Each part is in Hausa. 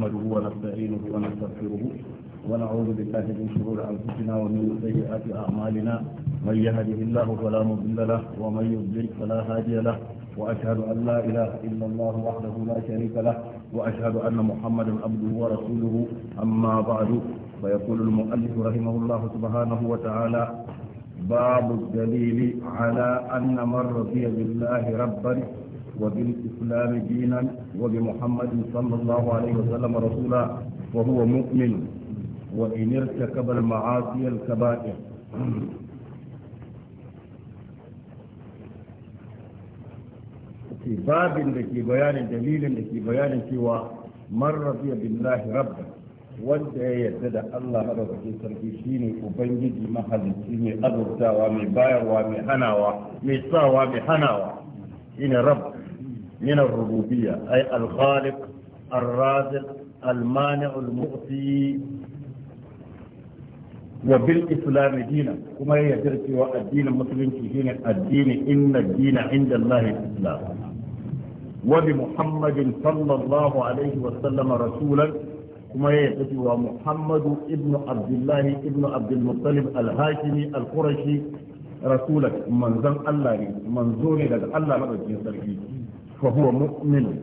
نحمده ونستعينه ونستغفره ونعوذ بالله من شرور أنفسنا ومن سيئات أعمالنا من يهده الله فلا مضل له ومن يضلل فلا هادي له وأشهد أن لا إله إلا الله وحده لا شريك له وأشهد أن محمدا عبده ورسوله أما بعد فيقول المؤلف رحمه الله سبحانه وتعالى باب الدليل على أن من رضي بالله ربا وبالإسلام دينا وبمحمد صلى الله عليه وسلم رسولا وهو مؤمن وإن ارتكب المعاصي الكبائر في باب في بيان دليل في بيان سوى من رضي بالله ربا وانت يدد الله رب في سرقشيني وبنجد محل سيني أدرتا ومي باير ومي حناوة مي صاوة مي حناوة إن رب من الربوبية أي الخالق الرازق المانع المؤتي وبالإسلام دينا كما يدرك الدين المسلم في الدين إن الدين عند الله الإسلام وبمحمد صلى الله عليه وسلم رسولا كما يدرك ومحمد ابن عبد الله ابن عبد المطلب الهاشمي القرشي رسولك منزل الله منزول لك الله مبجي سرقيه فهو مؤمن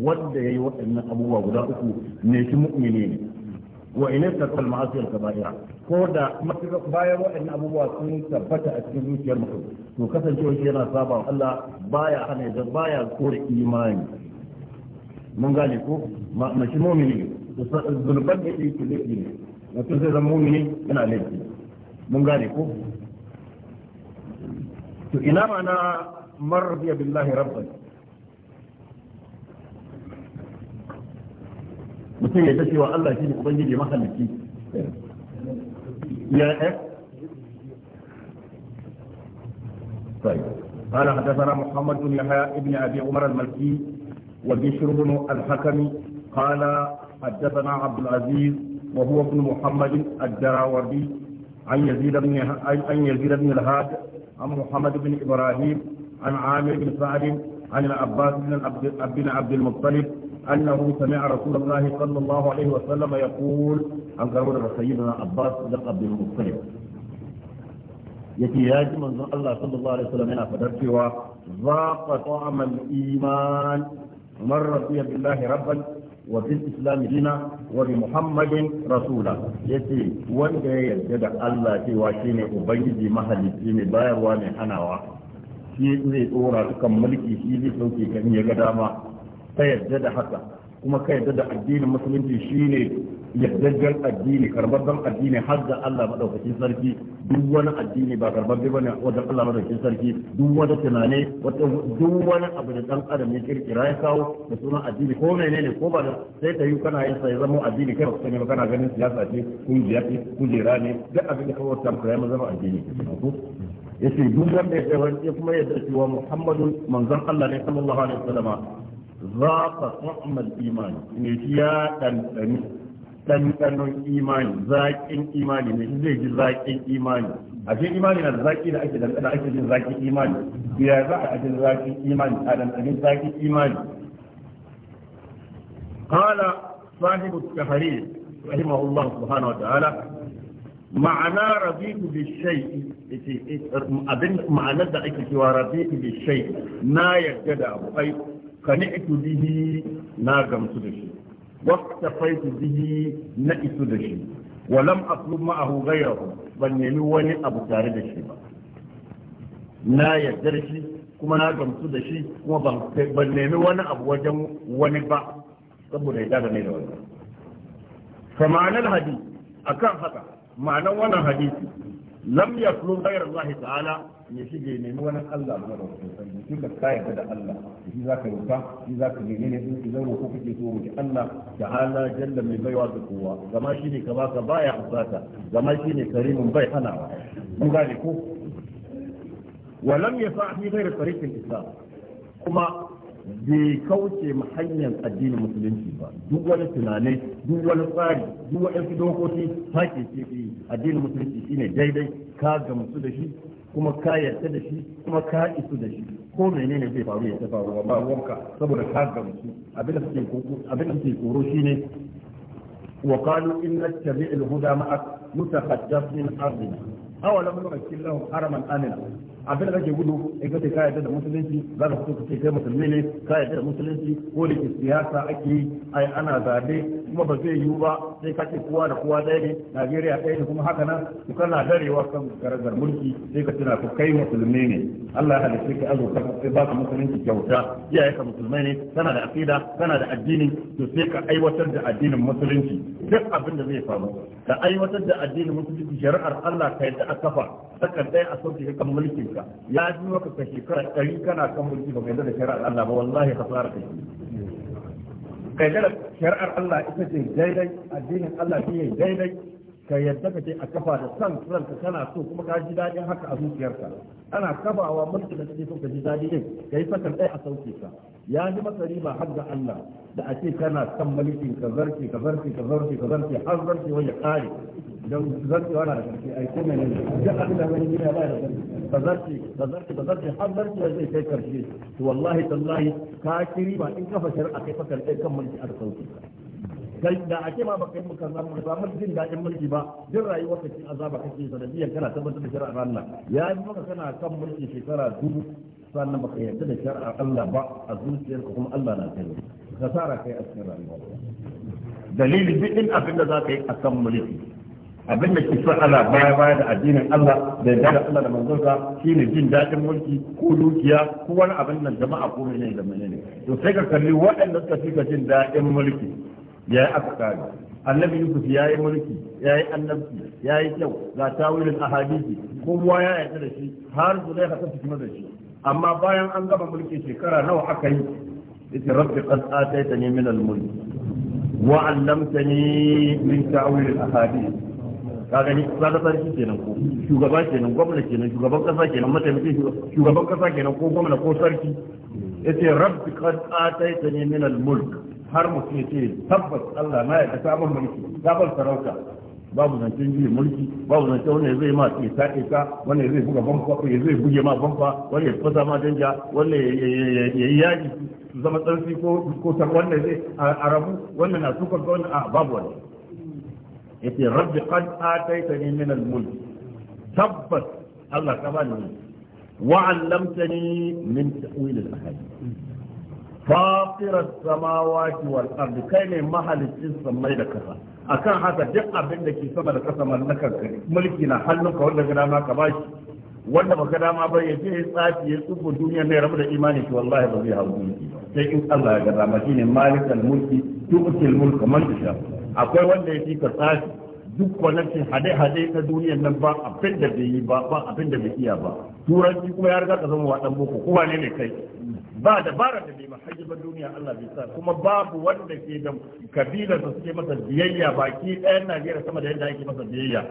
ود يوأن أبو وغدا أكو نيك مؤمنين وإن ارتكب المعاصي الكبائرة كودا ما تبايا وإن أبو وغدا ثبت أسنين في المخلوق وكثن شوه كينا صابا الله بايا حني إذا بايا كور إيمان من قال لك ما مش مؤمنين ذنبان يتي كليكين لكن إذا مؤمنين أنا ليكين من قال لكو إنما أنا مرضي بالله ربا mutum ya ta cewa Allah shi ne ubangiji mahalicci ya eh طيب قال حدثنا محمد بن يحيى بن ابي عمر الملكي وبشر بن الحكمي قال حدثنا عبد العزيز وهو ابن محمد الدراوردي عن يزيد بن عن يزيد بن الهاد عن محمد بن ابراهيم عن عامر بن سعد عن العباس بن عبد المطلب أنه سمع رسول الله صلى الله عليه وسلم يقول أن قرر سيدنا عباس بن المطلب yake ya ji manzon Allah sallallahu alaihi wasallam yana fadar cewa zaqa ta'amal iman man radiya billahi rabban wa bil islam dina wa bi muhammadin rasula yace wanda ya yarda da Allah cewa shine ubangiji mahalicci ne bayarwa ne hanawa shi zai tsora dukan mulki shi zai sauke kan ya ga dama ta yarda da haka kuma ka yarda da addinin musulunci shine yardajjen addini karbabban addini har da Allah madaukakin sarki duk wani addini ba karbabbe bane wajen Allah madaukakin sarki duk wani tunane duk wani abu da dan adam ya kirkira ya kawo da sunan addini ko menene ko ba sai ka yi kana yin sai zama addini kai ba ne kana ganin siyasa ce kungiya ce kujera ne duk abin da ka kawo tamkara ma zama addini yace duk wanda ya kuma yadda cewa Muhammadun manzon Allah ne sallallahu alaihi wasallama ذاق طعم الإيمان نتيا تنتني تنتنون إيمان ذاك إيمان نتيجة ذاك إيمان أشياء إيمان ان ذاك إذا أجد أنا أجد ذاك إيمان إذا أجد ذاك إيمان ان أجد ذاك إيمان قال صاحب التحرير رحمه الله سبحانه وتعالى ma'ana rabitu bi shay abin ma'anar da ake cewa rabitu bi shay na yarda ai kani'tu bihi na gamsu da shi waqtafaitu bihi na isu da shi wa lam atlub ma'ahu ghayrahu ban nemi wani abu tare da shi ba na yarda da shi kuma na gamsu da shi kuma ban nemi wani abu wajen wani ba saboda ya daga ne da wani fa ma'anar hadisi akan haka ma'anar wannan hadisi lam yatlub ghayra Allah ta'ala ya shige nemi wani Allah ba da wasu sarki tun da ka da Allah shi za ka roka shi za ka nemi ne in zan ko kake so roki Allah da hala jalla mai baiwa ga kowa zama shi ne ka baka baya hasata zama shi ne karimin bai hanawa mun gane ko walam yasa fi ghairi tariqil islam kuma bai kauce mu hanyar addinin musulunci ba duk wani tunani duk wani tsari duk wani dokoki sake ce eh, addinin musulunci shine daidai ka gamsu da shi kuma ka yarda da shi kuma ka isu da shi ko menene zai faru ya faru ba wanka saboda ka gamsu abin da suke abin da suke koro shine wa qalu inna tabi'al huda ma'ak mutaqaddas min ardina awalam nurakil lahum haraman amina abin da kake gudu in ka yarda da musulunci za ka fito ka ce kai musulmi ne ka yarda da musulunci ko da ke siyasa ake yi ai ana zabe kuma ba zai yiwu ba sai ka ce kowa da kowa ɗaya ne Najeriya ɗaya ne kuma haka nan ku kana darewa kan garagar mulki sai ka tuna ku kai musulmi ne Allah ya halitta ka azo ka ba ka musulunci kyauta iyaye ka musulmai ne kana da aqida kana da addini to sai ka aiwatar da addinin musulunci duk abin da zai faru ka aiwatar da addinin musulunci shari'ar Allah ka yarda a kafa sakan ɗaya a sauke kan mulkin ka ya ji maka ka shekara ɗari kana kan mulki ba kai da shari'ar Allah ba wallahi hasara kai kai da shari'ar Allah ita ce daidai addinin Allah shi ne daidai ka yadda ka ce a kafa da san ranka kana so kuma ka ji daɗin haka a zuciyarka ana kafawa mulki da kake so ka ji daɗi din kai yi ɗaya a sauke ka ya ji maka riba har da Allah da a ce kana san mulkin ka zarce ka zarce ka zarce ka zarce har zarce wani ya ƙare don zartewa na ƙarfi ai ko mene duk abin da wani ba da ba zarce ba zarce ba zarce har zai kai to wallahi tallahi ka kiri ba in kafa shari'a kai fakar kan mulki a sauki kai da ake ma baka yi muka zama ba mu jin daɗin mulki ba jin rayuwar ka cikin azaba kake sanadiyar kana tabbatar da shari'ar Allah ya yi maka kana kan mulki shekara dubu sannan baka yarda da shari'ar Allah ba a kuma Allah na kai kai a cikin rayuwa dalilin duk abin da za ka yi a kan mulki abin da ke son ana baya baya da addinin Allah da yarda da Allah da manzonsa shine jin daɗin mulki ko dukiya ko wani abin nan jama'a ko menene da menene to sai ka kalli waɗanda suka fi jin daɗin mulki ya yi aka kare annabi Yusuf ya yi mulki ya yi annabci ya yi kyau ga tawilin ahadisi kowa ya yarda da shi har zulai ta tafi da shi amma bayan an gama mulki shekara nawa aka yi yace rabbi qad ataitani min al-mulk wa 'allamtani min ta'wil al-ahadith ka gani kaga sarki kenan ko shugaba kenan gwamna kenan shugaban kasa kenan mataimakin shugaban kasa kenan ko gwamna ko sarki yace rabbi qad min al-mulk har mutum yace tabbas Allah na ya ta ban mulki ta sarauta babu zancen jiya mulki babu zancen wanda zai ma ke sa zai buga zai buge ma ya fasa ma danja ya yi yaji zama tsarki ko arabu wannan na tukar a babu wannan yace rabbi qad ataitani min al-mulk tabbas Allah ka bani mulki wa 'allamtani min ta'wil al-ahadith فاطر السماوات والارض ne محل السماء da kasa akan haka duk abin da ke sama da kasa mallakar ka mulki na hannunka wanda ga dama ka bashi wanda baka dama ba ya je tsafi ya tsufu duniya ne rabu da imani shi, wallahi ba zai hau mulki sai in Allah ya ga dama shine malikal mulki tu'til mulka man tasha akwai wanda ya fi ka tsafi duk wannan hade-hade ta duniyan nan ba abin da bai yi ba ba abin da bai iya ba turanci kuma ya riga ka zama wa dan boko kowa ne ne kai ba dabara da bai ba duniya Allah bai sa kuma babu wanda ke da kabilar da suke masa biyayya baki ɗayan Najeriya sama da yadda ake masa biyayya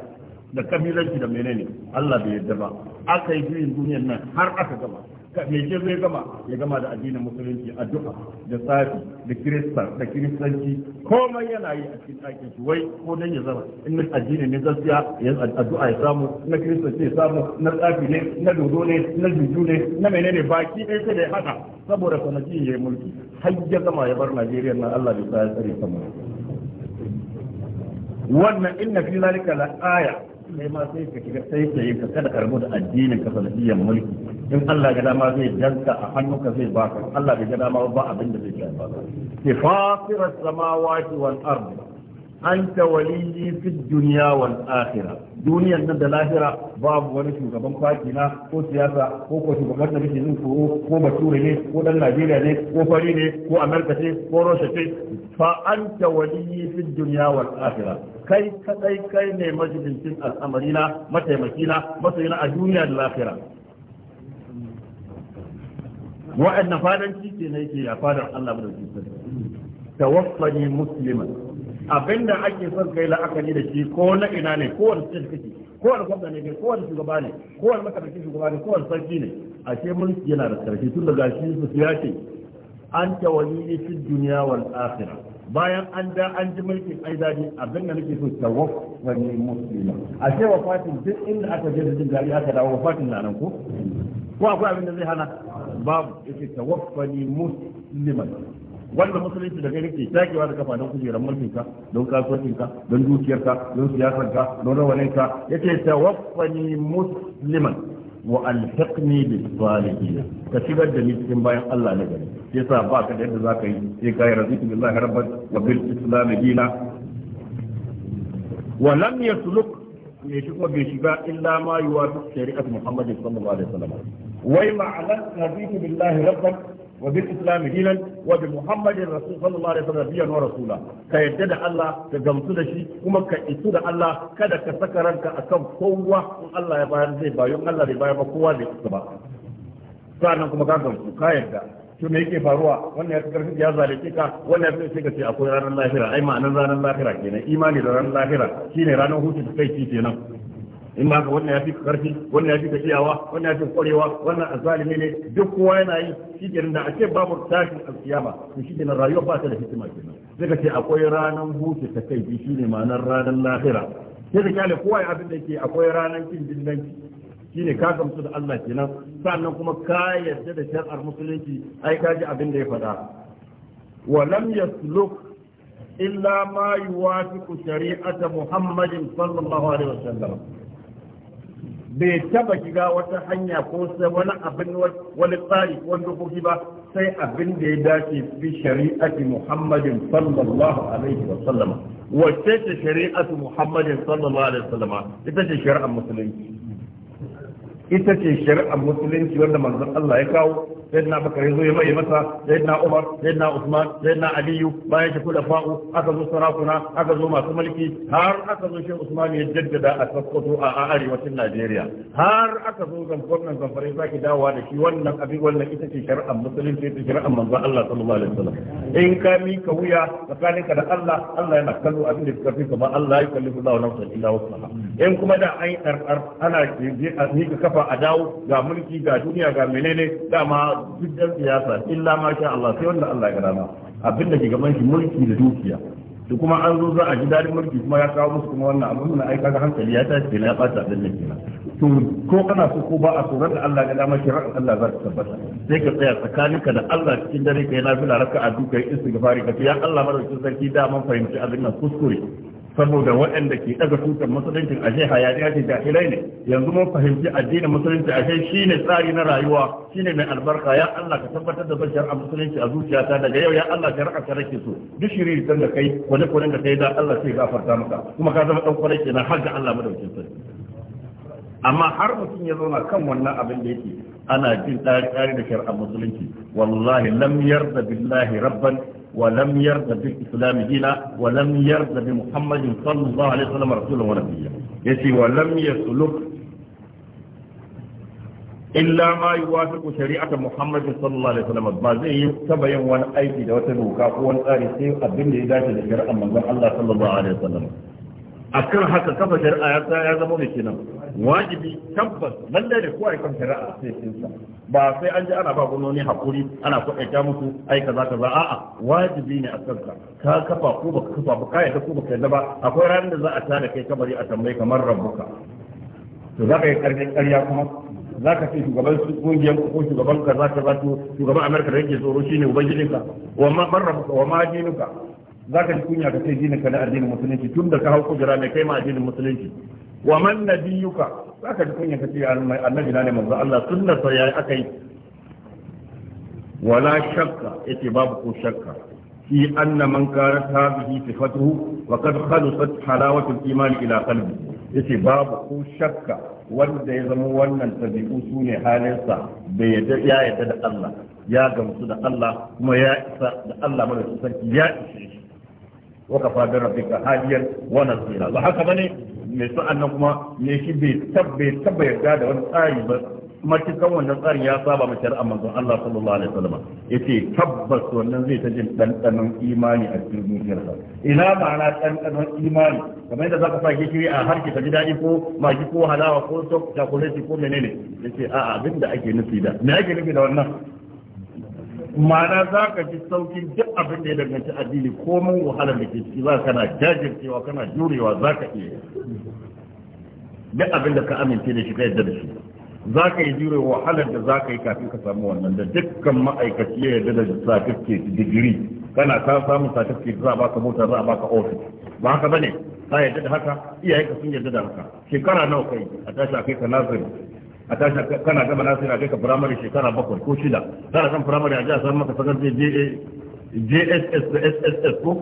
da kabilanci da menene Allah bai yarda ba aka yi juyin duniyar nan har aka gama me ke zai gama ya gama da addinin musulunci addu'a da tsafi da kirista da kiristanci komai yana yi a cikin ɗakin shi wai ko dan ya zama in na addini ne gaskiya ya addu'a ya samu na kiristanci ya samu na tsafi ne na dodo ne na juju ne na menene baki ɗaya sai da haka saboda kwanakin ya yi mulki har ya gama ya bar Najeriya na Allah bai sa ya tsare sama wannan inna fi zalika la aya kai ma sai ka shiga sai ka yi ka kada ka rabu da addinin ka sanadiyyar mulki in Allah ga dama zai danka a hannunka zai baka Allah ga dama ba abin da zai kai ba ki fasira samawati wal ard anta waliyyi fi dunya wal akhirah duniyar nan da lahira babu wani shugaban faki na ko siyasa ko ko shugaban da kake ko bature ne ko dan Najeriya ne ko fari ne ko america ce ko Russia ce fa anta waliyyi fi dunya wal akhirah kai kadai kai ne al'amari al'amarina mataimakina masoyina a duniya da lafira wa'annan shi ke ne yake a fadar Allah da jikin tawaffani musliman abinda ake son kai la'akari da shi ko na ina ne ko wani cikin kake ko wani gwamna ne ko wani shugaba ne ko wani mataimakin shugaba ne ko wani sarki ne ashe mun yana da karfi tun daga shi su ya ce an tawali fi duniya wal akhirah bayan an da an ji mulkin ai dadi abin da nake so tawaf wani muslima a ce wa fatin duk inda aka je da jin dadi aka dawo fatin na nan ko ko akwai abin da zai hana babu yake tawaffani musliman wanda musulunci da kai ke takewa da kafa don kujerar mulkin ka don kasuwancin ka don dukiyar ka don siyasar ka don rawanin ka yake tawaffani musulman. wa alhiqni bis salihin ka shigar da ni cikin bayan Allah na gari yasa ba ka da yadda zaka yi sai ka yi razitu billahi rabban wa bil islam dina wa lam yasluk ne shi ko bai shiga illa ma yuwafiq shari'at muhammadin sallallahu alaihi wasallam wai ma'anar razitu billahi rabban wa bil islam dinan wa bi muhammadin rasul sallallahu alaihi wasallam biyan rasula ka yadda da Allah ka gamsu da shi kuma ka isu da Allah kada ka saka ranka akan kowa in Allah ya bayar zai bayo Allah bai bayar ba kowa zai isu ba sannan kuma ka gamsu ka yadda to me yake faruwa wannan ya fi karfi ya ka wannan ya fi sai ka ce akwai ranar lahira ai ma'anar ranar lahira kenan imani da ranar lahira shine ranar hutu da kai kenan in ka wannan ya fi karfi wannan ya fi gajiyawa wannan ya fi kwarewa wannan azalimi ne duk kowa yana yi shi ke da a ce babu tashin alkiyama to shi ke rayuwa ba ta da hikima kenan sai ka ce akwai ranar huce ta kai shi ne ma'anar ranar lahira sai da kyale kowa ya abin da ke akwai ranar kin dindanci shine ka gamsu da Allah kenan sannan kuma ka yarda da shar'ar musulunci ai ka ji abin da ya faɗa wa lam yasluk إلا ما يوافق شريعة محمد صلى الله عليه وسلم bai taba shiga wata hanya ko sai wani abin wani tsari ko wani dokoki ba sai abin da ya dace bi shari'ati Muhammadin sallallahu alaihi wa sallama wacce ce shari'atu Muhammadin sallallahu alaihi wa sallama ita ce shari'ar musulunci ita ce shari'ar musulunci wanda manzon Allah ya kawo sayyidina bakar yanzu ya mai masa sayyidina umar sayyidina usman sayyidina aliyu bayan shi kula fa'u aka zo sarakuna aka zo masu mulki har aka zo shi usman ya jaddada a sakkwato a arewacin najeriya har aka zo gwamnan zamfare zaki dawowa da shi wannan abin wannan ita ce shari'ar musulunci ta shari'ar manzon Allah sallallahu alaihi wasallam in ka mika wuya tsakaninka da Allah Allah yana kallo abin da kafin kuma Allah ya kalli Allah nafsan illa wasaha in kuma da ai ɗarɗar ana je a mika kafa a dawo ga mulki ga duniya ga menene dama duk siyasa illa ma sha Allah sai wanda Allah ya gada abin da ke gaban shi mulki da dukiya da kuma an zo za a ji dadin mulki kuma ya kawo musu kuma wannan abin muna aika ga hankali ya tashi kenan ya bata abin da ke to ko kana so ko ba a so da Allah ga dama har Allah za ta tabbata sai ka tsaya tsakaninka da Allah cikin dare kai fila raka'a duka istighfari ka ya Allah madaukakin sarki da man fahimci abin nan kuskure saboda waɗanda ke daga tutar musulunci a sheha ya dace jahilai ne yanzu mun fahimci addinin musulunci a shi shine tsari na rayuwa shine mai albarka ya Allah ka tabbatar da bashar a musulunci a zuciyata daga yau ya Allah ka raka ka rake so duk shiri da kai kwane kwane da kai da Allah sai gafarta maka kuma ka zama dan kwane kenan har ga Allah madaukakin sarki amma har mutum ya zauna kan wannan abin da yake ana jin tsari da shar'a musulunci wallahi lam yarda billahi rabban ولم يرد بالإسلام دينا ولم يرد بمحمد صلى الله عليه وسلم رسولا ونبيا يتي ولم يسلك إلا ما يوافق شريعة محمد صلى الله عليه وسلم ما زي تبين وان أيدي دوت الوكاف وان أرسي أبن لإداشة لشرع من الله صلى الله عليه وسلم أكرهك كفى شرع آيات يا زمون الشنم wajibi tabbas lalle da kowa kan shari'a sai sinsa ba sai an ji ana ba gwamnoni hakuri ana kwaɗaita musu ai kaza kaza a'a wajibi ne a kanka ka kafa ko baka kafa ba kai da ko baka yadda ba akwai ranar da za a tana kai kabari a tambayi kamar rabuka to za ka yi karfin ƙarya kuma za ka ce shugaban kungiyar ko shugaban ka za ka za to shugaban amurka da yake tsoro shine ubangijinka wa ma rabuka wa ma dinuka za ka ji kunya ka ce jinin ka na addinin musulunci tun da ka hau kujera mai kai ma addinin musulunci wa man nabiyuka zaka ji kunya kace annabi na ne manzo Allah sunnar sa yayi akai wala shakka yace babu ko shakka fi anna man kanat hadhihi sifatuhu wa qad khalusat halawatul iman ila qalbi yace babu ko shakka wanda ya zama wannan tabi'u su ne halinsa bai ya yadda da Allah ya gamsu da Allah kuma ya isa da Allah mara sarki ya ishe shi wa kafa bi rabbika hadiyan wa nasira ba haka bane mai sa'an nan kuma mai shi bai tabbai yarda da wani tsari ba matukan wannan tsari ya saba mace shari'a amma Allah sallallahu alaihi wasallam yace tabbas wannan zai ta jin dandanon imani a cikin zuciyarsa ina ma'ana ɗanɗanon imani kamar yadda zaka sa gishiri a harki ka ji dadi ko magi ko halawa ko sok chocolate ko menene yace a'a abinda ake nufi da me ake nufi da wannan ma'ana za ka ji saukin duk abin da ya danganci addini mun wahalar da ke ciki za kana jajircewa kana jurewa za ka iya duk abin da ka amince da shi ka yadda da shi za ka yi jure wahalar da za ka yi kafin ka samu wannan da dukkan ma'aikaci ya yadda da certificate digiri kana ka samu certificate za a baka mota za a baka ofis ba haka bane ka yadda da haka iyayenka sun yadda da haka shekara nawa kai a tashi a kai ka nazari a tashi kana gama nasiri a kai ka firamare shekara bakwai ko shida kana kan firamare a jiya a san maka sakar JSS da SSS ko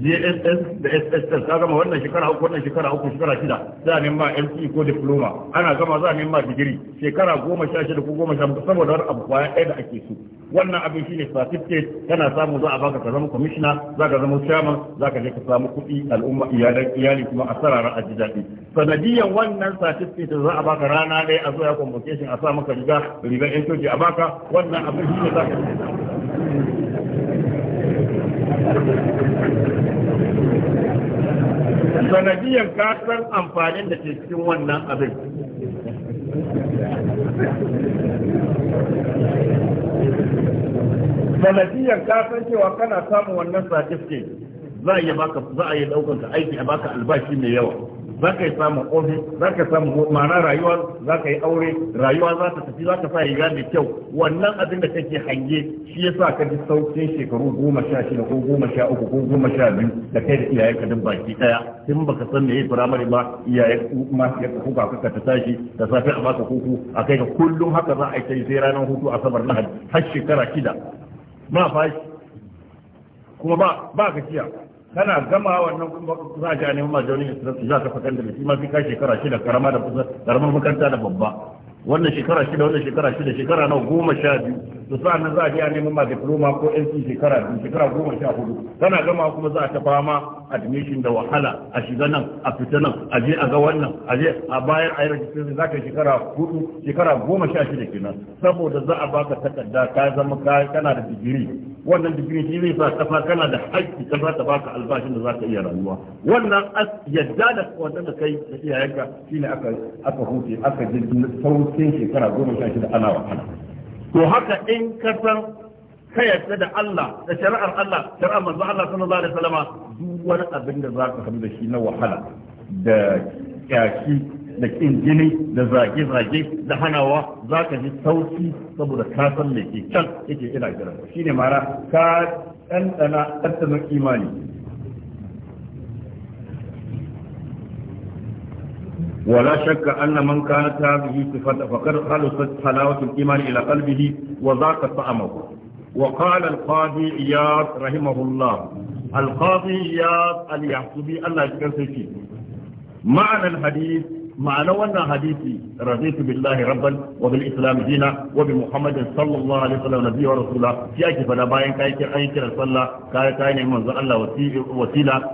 JSS da SSS ka gama wannan shekara uku wannan shekara uku shekara shida za a nema MC ko diploma ana gama za a nema digiri shekara goma sha shida ko goma sha saboda wani abu kwaya ɗaya da ake so wannan abin shi ne certificate kana samu za a baka ka zama kwamishina za ka zama chairman za ka je ka samu kuɗi al'umma iyalan iyali kuma a sarara a ji daɗi sanadiyan wannan certificate za a baka rana ɗaya a zo ya convocation a sa maka riga riga yan coci a baka wannan abin shi ne za ka sanadiyan ka san amfanin da ke cikin wannan abin sanadiyan ka san cewa kana samun wannan certificate za a iya baka za a iya daukan ka aiki a baka albashi mai yawa za ka yi samun ofis za ka samu ma'ana rayuwa za ka yi aure rayuwa za ta tafi za ka sa riga da kyau wannan abin da kake hange shi ya sa ka ji saukin shekaru goma sha shida ko goma sha uku ko goma sha biyu da kai da iyayen ka duk baki daya tun ka san me yayi firamare ba iyayen ma ya ka kuka ka ta tashi da safe a baka kuku a kai ka kullum haka za a yi sai ranar hutu asabar lahadi har shekara shida ma fashi kuma ba ba gajiya kana gama wannan kuma za ka neman su za ka fakan da shi ma fi ka shekara shida karama da kusa karamar makaranta da babba wannan shekara shida wannan shekara shida shekara na goma sha biyu to sa'an nan za a je a neman ma diploma ko NC shekara biyu shekara goma sha hudu kana gama kuma za a ta fama admission da wahala a shiga nan a fita nan a je a ga wannan a je a bayan a yi registration za ka shekara hudu shekara goma sha shida kenan saboda za a baka takarda ka zama kana da digiri wannan digiri shi zai sa kafa kana da haƙƙi kafa ta baka albashin da za ka iya rayuwa wannan yadda da wannan da kai da iyayenka shine aka aka huce aka ji saukin shekara goma sha shida ana wahala to haka in ka san ka da Allah da shari'ar Allah shari'ar manzo Allah sallallahu alaihi wasallama duk wani abin da za ka da shi na wahala da kyaki da kin jini da zage-zage da hanawa za ka ji sauki saboda ka san me ke can yake ina jiran shine mara ka ɗanɗana ɗanɗanon imani ولا شك أن من كانت هذه صفته فقد خلصت حلاوة الإيمان إلى قلبه وذاق طعمه وقال القاضي إياد رحمه الله القاضي إياد اليحسبي الله يذكر معنى الحديث معنى وانا حديثي رضيت بالله ربا وبالإسلام دينا وبمحمد صلى الله عليه وسلم نبي ورسوله في أكي فلا باين كاي كاي كاي صلى كاي كاي نعمز الله وسيلة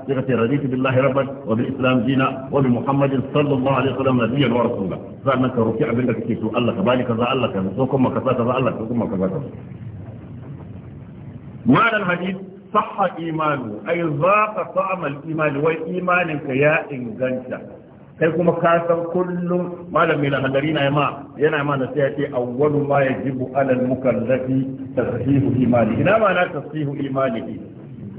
يقول رضيت بالله ربا وبالإسلام دينا وبمحمد صلى الله عليه وسلم نبي ورسوله فأنك ركع بلك كيسو الله كبالي كذا الله كذا سوكم كذا كذا الله سوكم كذا كذا معنى الحديث صح إيمانه أي ذاق طعم الإيمان وإيمانك يا إنجنشا kai kuma ka san kullum malami na hadari na yama yana ma na sai ya ce awwalu ma yajibu alal mukallafi tasfihu imani ina ma na tasfihu imani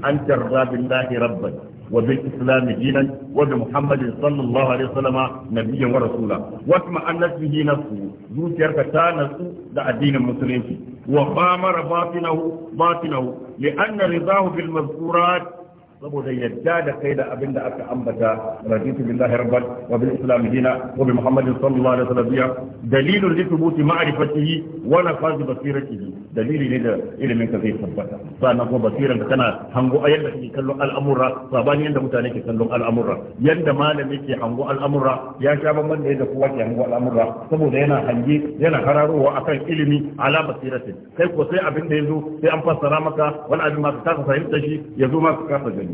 an tarda billahi rabban wa bil islam dinan wa bi muhammadin sallallahu alaihi wasallam nabiyyan wa rasula wa kuma annasihi nafsu zuciyarka ta nasu da addinin musulunci wa qamara batinahu batinahu li anna ridahu bil mazkurat saboda yadda da kai da abin da aka ambata raditu billahi rabban wa bil islam dina wa bi muhammadin sallallahu alaihi wasallam biya dalilun li thubuti ma'rifatihi wa nafaz basiratihi dalili ne da ilimin ka zai tabbata sannan kuma basiran ka kana hango ayan da kake kallon al'amura sabani yanda mutane ke kallon al'amura yanda malami ke hango al'amura ya sha bamban da yadda kowa ke hango al'amura saboda yana hange yana hararowa akan ilimi ala basiratin kai ko sai abin da yazo sai an fassara maka wani abin ma ka kasa fahimta shi yazo ma ka kasa gani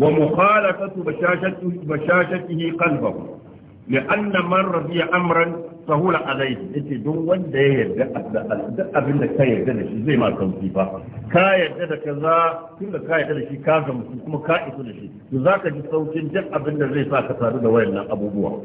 ومخالفة بشاشته, بشاشته قلبه لأن من رضي أمرا سهول عليه إنت دون وندى يبدأ أبن لك يبدأ شيء زي ما كان فيها كا يبدأ كذا كل كا يبدأ شيء كاغم كما كا يبدأ شيء ذاك جسوك جد أبن لك زي ساكتار دوائلنا أبو بوه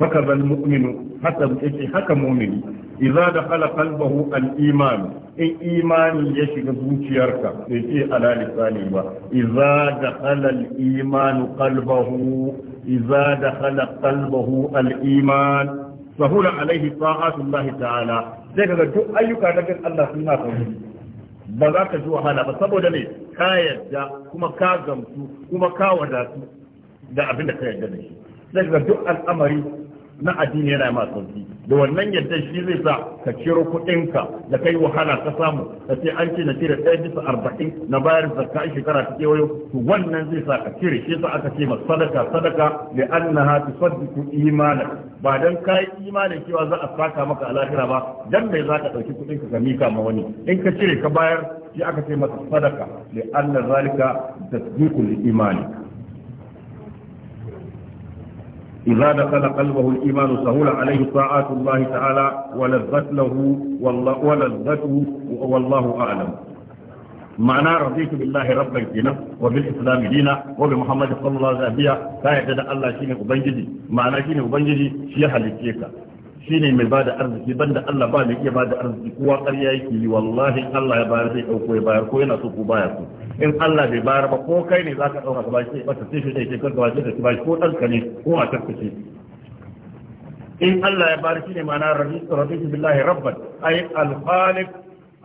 فكذا المؤمن حسب حكى مؤمن إذا دخل قلبه الإيمان إن إيمان يشك زوجيرك يشي على لسانه إذا دخل الإيمان قلبه إذا دخل قلبه الإيمان سهل عليه طاعات الله تعالى sai kaga duk ayyuka na bin Allah sun maka ba za ka ji wahala ba saboda ne ka yarda kuma ka da abin da ka yarda da shi sai kaga duk al'amari na addini yana ma sauki da wannan yadda shi zai sa ka ciro kuɗinka da kai wahala ka samu ka ce an ce na cire ɗaya bisa arba'in na bayar zakka a shekara ta kewayo to wannan zai sa ka cire shi sa aka ce ma sadaka sadaka da annaha tusaddiqu imanak ba dan kai imanin cewa za a saka maka a lahira ba dan me za ka ɗauki kuɗinka ka mika ma wani in ka cire ka bayar shi aka ce masa sadaka da anna zalika tasdiqul imani إذا دخل قلبه الإيمان سهول عليه طاعات الله تعالى ولذت له والله ولذته والله أعلم معنى رضيت بالله ربا دينا وبالإسلام دينا وبمحمد صلى الله عليه وسلم كاية الله شيني أبنجدي معنى شيني أبنجدي شيها لكيكا shine mai bada arziki banda Allah ba mai iya bada arziki kowa ƙarya yake yi wallahi Allah ya bayar zai ɗauko ya bayar ko yana so ko baya so in Allah bai bayar ba ko kai ne zaka dauka ka bashi ba ta sai shi dai kanka bashi da bashi ko dan ka ne ko a tarka in Allah ya bayar shine ma'ana rabbi billahi rabban ay al-khaliq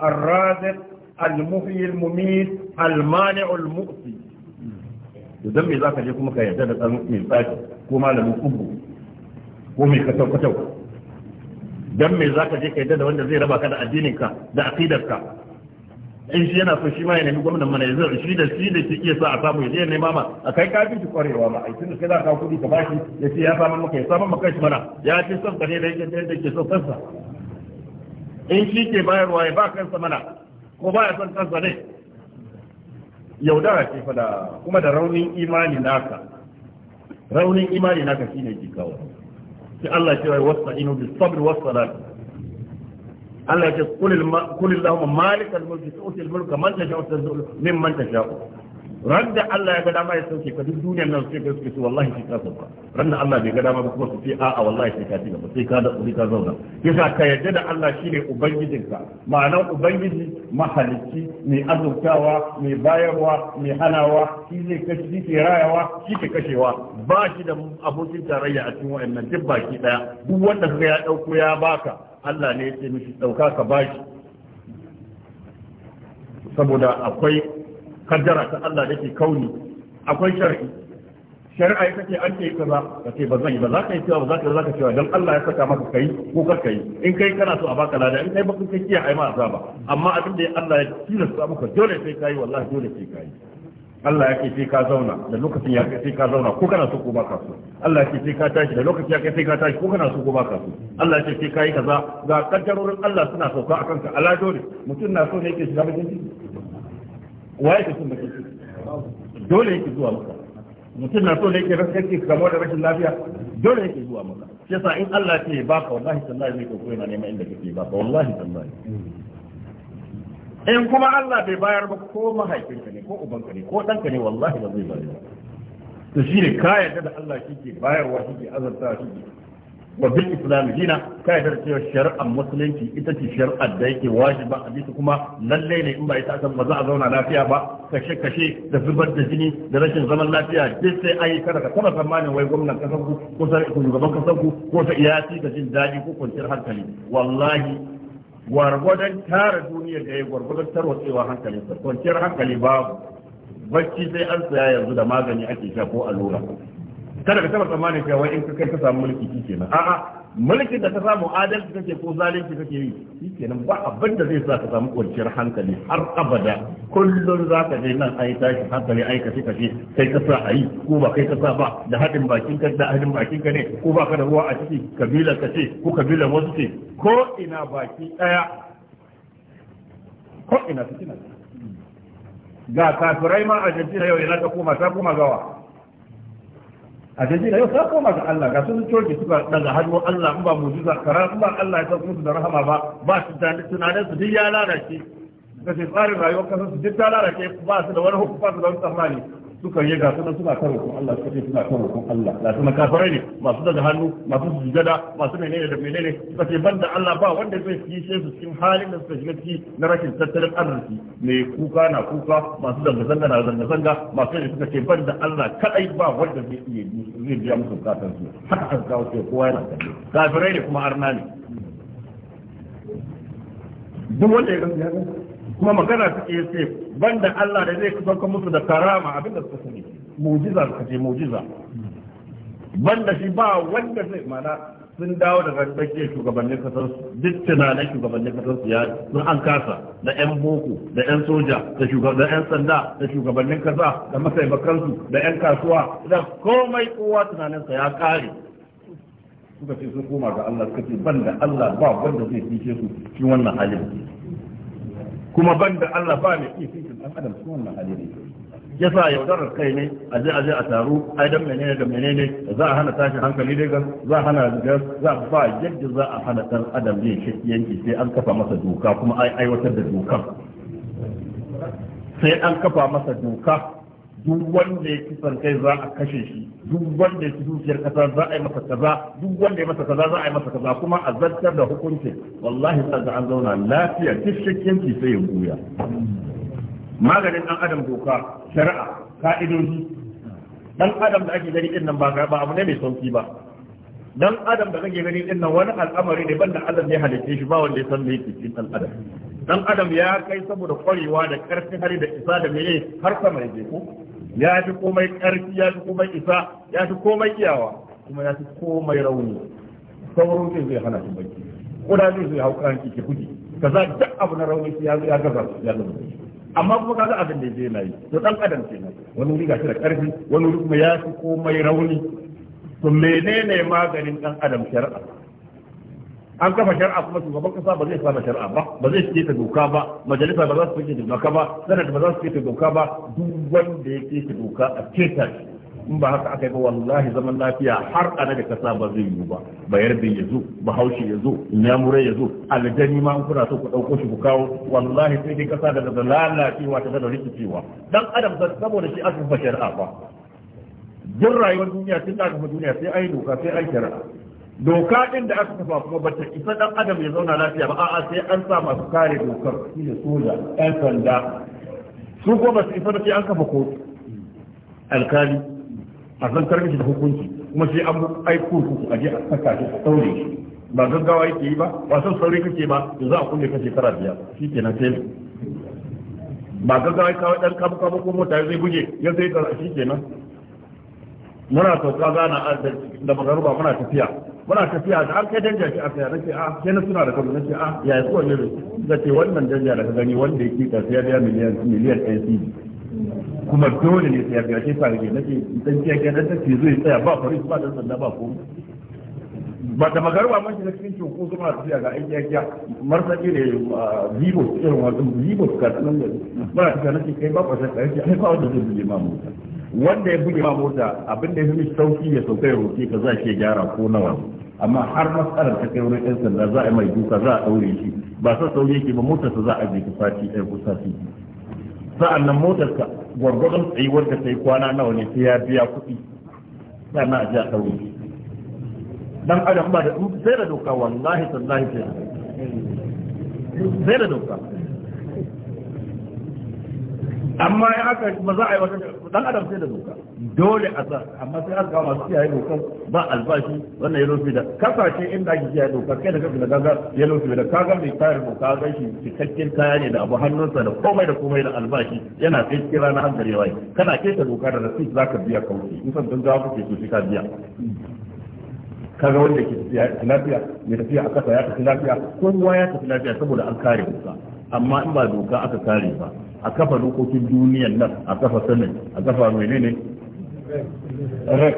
ar-raziq al-muhyi al-mumit al-mani' al-mu'ti idan me zaka je kuma ka yarda da tsarin mai tsaki ko malamin kubu ko mai kasau kasau dan me zaka je kai da wanda zai raba ka da addinin ka da aqidar ka in shi yana so shi ma ya nemi gwamnan mana ya zai shi da shi da shi iya sa a samu ya je nema ma a kai ka fi kwarewa ma ai tunda sai za ka kudi ka bashi ya ce ya samu maka ya samu maka shi mana ya ce son ka ne da yake da ke so kansa in shi ke bayarwa ya ba kansa mana ko ba ya son kansa ne yaudara ce fa da kuma da raunin imani naka raunin imani naka shine ki kawo sai Allah ya ce wasta'inu bis sabr was salat Allah ya ce qul illahumma malikal mulki tu'til mulka man tasha'u wa tanzi'u mimman tasha'u ran da Allah ya ga dama ya sauke ka duk duniyar nan sai ka suke su wallahi shi ka sauka ran da Allah bai ga dama ba kuma su ce a'a wallahi sai ka ci sai ka da uri ka zauna yasa ka yadda da Allah shine ubangijinka ma'ana ubangiji mahalicci mai azurtawa mai bayarwa mai hanawa shi zai kashi shi ke rayawa shi ke kashewa ba shi da abokin tarayya a cikin wa'annan duk baki daya duk wanda ka ya dauko ya baka Allah ne ya ce mishi dauka ka bashi saboda akwai kaddara ta Allah da ke kauni akwai shar'i shari'a ya ce an ce kaza ka ce ba zan yi ba za ka yi cewa ba za ka za ka cewa dan Allah ya saka maka kai ko ka kai in kai kana so a baka lada in kai baka kai kiya ai ma azaba amma abin da Allah ya tilasta maka dole sai kai wallahi dole sai kai Allah ya ce sai ka zauna da lokacin ya kai sai ka zauna ko kana so ko baka so Allah ya ce sai ka tashi da lokacin ya kai sai ka tashi ko kana so ko baka so Allah ya ce sai kai kaza ga kaddarorin Allah suna sauka akan ka ala dole mutum na so ne yake shiga cikin waye ka kuma kike dole yake zuwa maka mutum na so ne yake rasa kake gamo da rashin lafiya dole yake zuwa maka shi yasa in Allah ce ya baka wallahi tallahi zai koko yana neman inda kake baka wallahi tallahi in kuma Allah bai bayar ba ko mahaifinka ne ko ubanka ne ko danka ne wallahi ba zai bayar to shi ne ka yarda da Allah shi ke bayarwa shi ke azarta shi ke wa bil islam dina kai da cewa shari'ar musulunci ita ce shari'ar da yake wajiba a bisa kuma lalle ne in ba ita san ba za a zauna lafiya ba kashe kashe da zubar da jini da rashin zaman lafiya duk sai ai kada ka taba tsammanin wai gwamnan kasar ku ko sai shugaban kasar ku ko sai iyasi da jin daɗi ko kwanciyar hankali wallahi gwargwadon tara duniyar da ya gwargwadon hankalin sa kwanciyar hankali babu bacci sai an saya yanzu da magani ake sha ko allura kada ka taba tsammanin cewa wai in ka kai ka samu mulki kenan a'a mulkin da ka samu adalci kake ko zalunci kake yi kenan ba abin da zai sa ka samu kwanciyar hankali har abada kullum za ka je nan ai tashi hankali ai kashe-kashe kai ka sa ayi ko ba kai ka sa ba da hadin bakin ka da hadin bakin ka ne ko ba ka da ruwa a ciki kabilar ka ce ko kabilar wasu ce ko ina baki daya ko ina fitina ga kafirai ma a Argentina yau yana ta koma ta koma gawa a da yau ta koma ga Allah ga sun coke suka daga hannu Allah in ba mujiza karar ba Allah ya sauke su da rahama ba ba su tunanin su duk ya lalace da tsarin rayuwar kasar su duk ta lalace ba su da wani hukuma su da wani tsammani suka yi gasu nan suna karo kun Allah suka ce suna karo kun Allah la suna kafare ne masu daga hannu masu sujada masu menene da menene suka ce banda Allah ba wanda zai yi shi su cikin halin da suka shiga ciki na rashin tattalin arziki ne kuka na kuka masu zanga zanga na zanga zanga masu ne suka ce banda Allah kadai ba wanda zai iya zai biya musu bukatun su haka aka kawo ce kowa yana kalle kafare ne kuma arna ne duk wanda ya gani kuma magana suke yace banda Allah da zai kusan musu da karama da suka sani mu'jiza suka ce mu'jiza banda shi ba wanda zai mana sun dawo da rarrake shugabannin kasar su duk tunanin shugabannin kasar su ya sun an kasa da yan boko da yan soja da shugaban yan sanda da shugabannin kasa da masaibakan su da yan kasuwa da komai kowa tunanin sa ya kare suka ce sun koma ga Allah suka ce banda Allah ba wanda zai fice su cikin wannan halin kuma banda Allah ba ne iya fitin ɗan adam su wannan hali ne yasa yaudarar kai ne a je a je a taru ai dan menene da menene za a hana tashin hankali dai gan za a hana rigar za a ba yadda za a hana ɗan adam ne shi yanki sai an kafa masa doka kuma ai aiwatar da doka sai an kafa masa doka duk wanda ya kisan kai za a kashe shi duk wanda ya ci dukiyar kasa za a yi masa kaza duk wanda ya masa kaza za a yi masa kaza kuma a zartar da hukunci wallahi za an zauna lafiya ki sai ya buya maganin dan adam doka shari'a ka'idoji dan adam da ake gani din nan ba ba abu ne mai sauki ba dan adam da kake gani din nan wani al'amari ne banda Allah ne halitta shi ba wanda ya san me yake cikin dan adam dan adam ya kai saboda kwarewa da karfin hari da isa da meye har sama yake ko ya fi komai ƙarfi ya fi komai isa ya fi komai iyawa kuma ya fi komai rauni sauran zai zai hana shi baki kuda zai zai hau ƙaranki ki kuji ka za duk abu na rauni ya ya gaza ya zama amma kuma kaga abin da zai na yi to dan adam ke nan wani wuri gashi da ƙarfi wani wuri kuma ya fi komai rauni to menene maganin dan adam shari'a an kafa shari'a kuma shugaban kasa ba zai sa shari'a ba ba zai ke ta doka ba majalisa ba za su ke doka ba sanad ba za su ke ta doka ba duk wanda ya ke ta doka a ceta in ba haka aka yi ba wallahi zaman lafiya har ana da kasa ba zai yiwu ba bayar da ya zo bahaushe ya zo ya zo aljani ma in kuna so ku ɗauko shi ku kawo wallahi sai dai kasa da da lalacewa ta da rikicewa dan adam saboda shi aka ba shari'a ba duk rayuwar duniya tun da aka duniya sai ai doka sai ai shari'a doka ɗin da aka kafa kuma bata isa ɗan adam ya zauna lafiya ba a'a sai an sa masu kare dokar shine soja ɗan sanda su ko ba su isa sai an kafa kotu alkali a zan karbi da hukunci kuma sai an ai kurkuku a je a saka shi a daure shi ba gaggawa yake yi ba ba san sauri kake ba da za a kulle ka shekara biyar nan sai ba gaggawa kawai dan kama-kama ko mota zai buge ya sai ka nan muna sauka gana da magaruba muna tafiya muna tafiya da har kai danja shi a tsaye nake a ke na ah, suna da kallo nake a ah, yaya kowa ne da ce wannan danja da ka gani wanda yake ka sai da miliyan miliyan ɗaya cd kuma dole ne da ya ce fara ke nake dan ciya ga dan tafi zai tsaya ba faru ba dan sanda ba komai ba da magarba mun shiga cikin cunko kuma tafiya ga aiki yakiya martaki ne vivo irin wasu vivo su kasa nan da ba ta kana ce kai ba kwashe kai ce ai ba wanda zai buge ma mota wanda ya buge ma mota abin da ya fi sauki ya sauka ya roke ka za shi gyara ko nawa amma har matsalar ta kai wurin 'yan sanda za a mai duka za a ɗaure shi ba sa sauye yake ba motarsa za a je ta sati ɗaya ko sati sa'an nan motarsa gwargwadon tsayuwar da ta yi kwana nawa ne sai ya biya kuɗi sannan a je a ɗaure shi dan adam ba da sai da doka wallahi tallahi sai sai da doka amma ya aka ba za a yi wata dan adam sai da doka dole a sa amma sai aka kawo masu kiyaye doka ba albashi wannan ya lofi da kasashe inda ake kiyaye doka kai da kake da gaga ya lofi da kaga mai tayar doka ga shi cikakken kaya ne da abu hannunsa da komai da komai da albashi yana kai kira na hankali wai kana keta doka da rasit zaka biya kauce in san dan gawa kake so shi ka biya kaga wanda ke tafiya lafiya mai tafiya a kasa ya tafi lafiya ko ruwa ya tafi lafiya saboda an kare kusa amma in ba doka aka kare ba a kafa dokokin duniyan nan a kafa sanin a kafa menene rek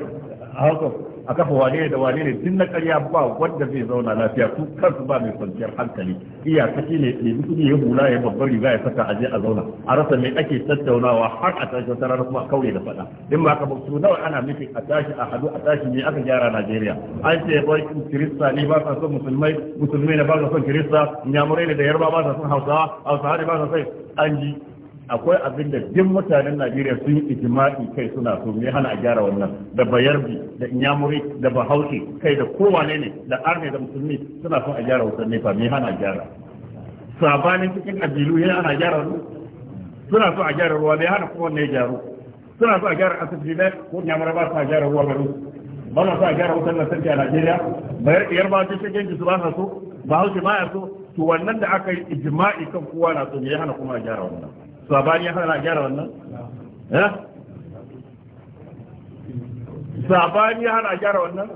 house a kafa wane da wane ne tun na karya ba wanda zai zauna lafiya su kansu ba mai kwanciyar hankali iya iyakaci ne ne ne ya hula ya babbar riga ya saka aje a zauna a rasa mai ake tattaunawa har a tashi wata rana kuma a kauye da faɗa in ba ka su nawa ana nufin a tashi a hadu a tashi ne aka gyara Najeriya an ce bai kirista ne ba sa son musulmai musulmai ne ba sa son kirista nyamurai ne da yarba ba sa son hausawa hausawa ne ba sa son an ji akwai abin da duk mutanen Najeriya sun yi ijma'i kai suna so me hana a gyara wannan da bayarbi da inyamuri da bahaushe kai da kowane ne da arne da musulmi suna so a gyara wannan ne fa me hana a gyara sabanin cikin kabilu yana a gyara wannan suna so a gyara ruwa me hana kuma ne gyaro suna so a gyara asibiti ne ko inyamura ba sa gyara ruwa ba na so a gyara wutar lantarki a Najeriya bayar iyar ba su cikin su ba sa so bahaushe ba ya so to wannan da aka yi ijma'i kan kowa na so me hana kuma a gyara wannan sabani ya hana gyara wannan eh? ya? sabani ya hana gyara wannan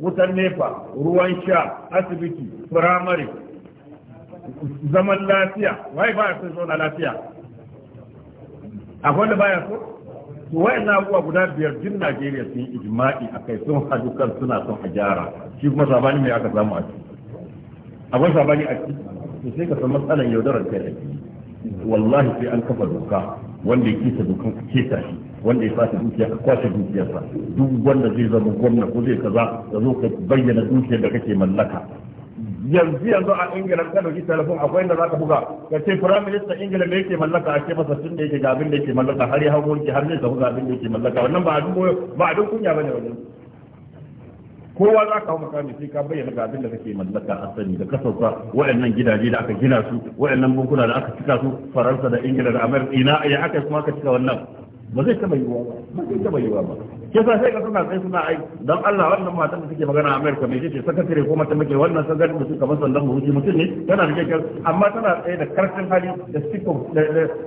wutan nefa ruwan sha asibiti firamare zaman lafiya wai ba ya so zauna lafiya akwai da ba ya so to na abuwa guda biyar jin Najeriya sun yi ijima'i a kai sun haɗu kan suna son a gyara shi kuma sabani mai aka samu a ciki akwai sabani a ciki sai ka san matsalan yaudarar kai a ciki wallahi sai an kafa doka wanda ya kisa dokan ka kesa shi wanda ya fata dukiya ka kwace dukiyarsa duk wanda zai zama gwamna ko zai kaza ka zo ka bayyana dukiyar da kake mallaka yanzu yanzu a ingila ka dauki telefon akwai inda zaka buga ka ce prime minister ingila me yake mallaka a ce masa tun da yake ga abin da yake mallaka har ya hawo mulki har ne tafi ga abin da yake mallaka wannan ba abin ba abin kunya bane wannan kowa za ka hau makami sai ka bayyana ga abin da kake mallaka a sani da kasauka waɗannan gidaje da aka gina su waɗannan bankuna da aka cika su faransa da ingila da amerika ina ya aka kuma aka cika wannan ba zai taɓa yiwuwa ba ba zai taɓa yiwuwa ba ke sa sai ka suna sai suna ai dan Allah wannan matan da suke magana a Amerika me yake sakatare ko mata muke wannan sagar da suka masa dan hukunci mutum ne tana da kyakkyar amma tana tsaye da karfin hali da siko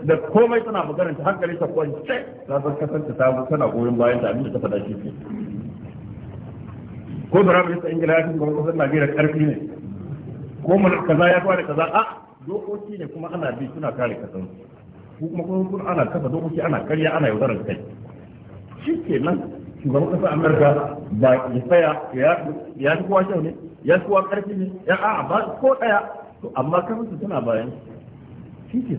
da komai tana magana ta hankali ta kwance ta san kasance ta tana goyon bayan ta abin da ta faɗa shi ko da rabu yasa ingila ya fi gwamnatin kasar najeriya karfi ne ko mana kaza ya fara kaza a dokoki ne kuma ana bi suna kare kasan ko kuma kun ana kafa dokoki ana karya ana yaudarar kai shi ke nan shugaban kasa amurka ba ya tsaya ya fi kowa kyau ne ya fi kowa karfi ne ya a ba ko daya to amma su suna bayan shi ke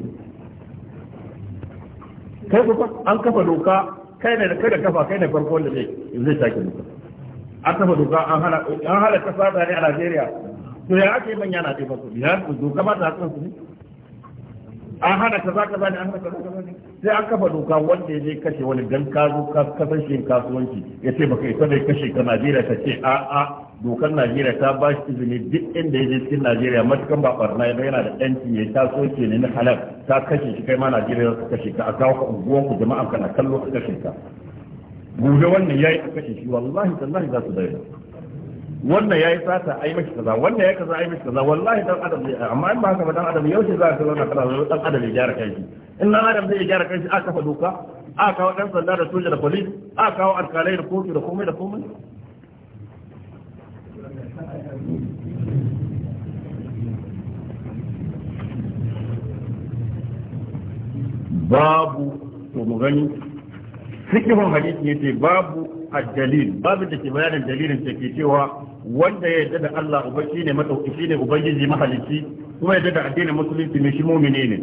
kai kuma an kafa doka kai ne da kai da kafa kai ne farko da zai zai take doka an tafa doka an hana an ta fada ne a Najeriya to ya ake manya na ɗaya kuɗi ya doka ba ta kan su an hana kaza kaza ne an hana kaza kaza ne sai an kafa doka wanda ya je kashe wani dan ka zo ka kasance kasuwanci ya ce baka isa bai kashe ka Najeriya ta ce a a dokar Najeriya ta ba shi izini duk inda ya je cikin Najeriya matukan ba barna ya yana da ɗanci ya kasuwanci ne na halal ta kashe shi kai ma Najeriya ta kashe ka a kawo ka unguwan ku ka kana kallo a kashe ka gobe wannan ya yi kashe shi wallahi tallahi za su daina wannan ya yi sata a yi miki kaza wannan yayi kaza yi miki kaza wallahi dan adam ne amma in ba haka ba dan adam yaushe za ka zauna kana zauna dan adam ya gyara kanshi in dan adam zai gyara kanshi aka kafa doka aka kawo dan sanda da soja da police aka kawo alkalai da kotu da komai da komai babu to mu gani fikihun hadisi yace babu a dalil babu da ke bayanin dalilin da ke cewa wanda ya yarda da Allah uba shine madauki shine ubangiji mahalicci kuma ya yarda da addinin musulunci ne shi mu'mini ne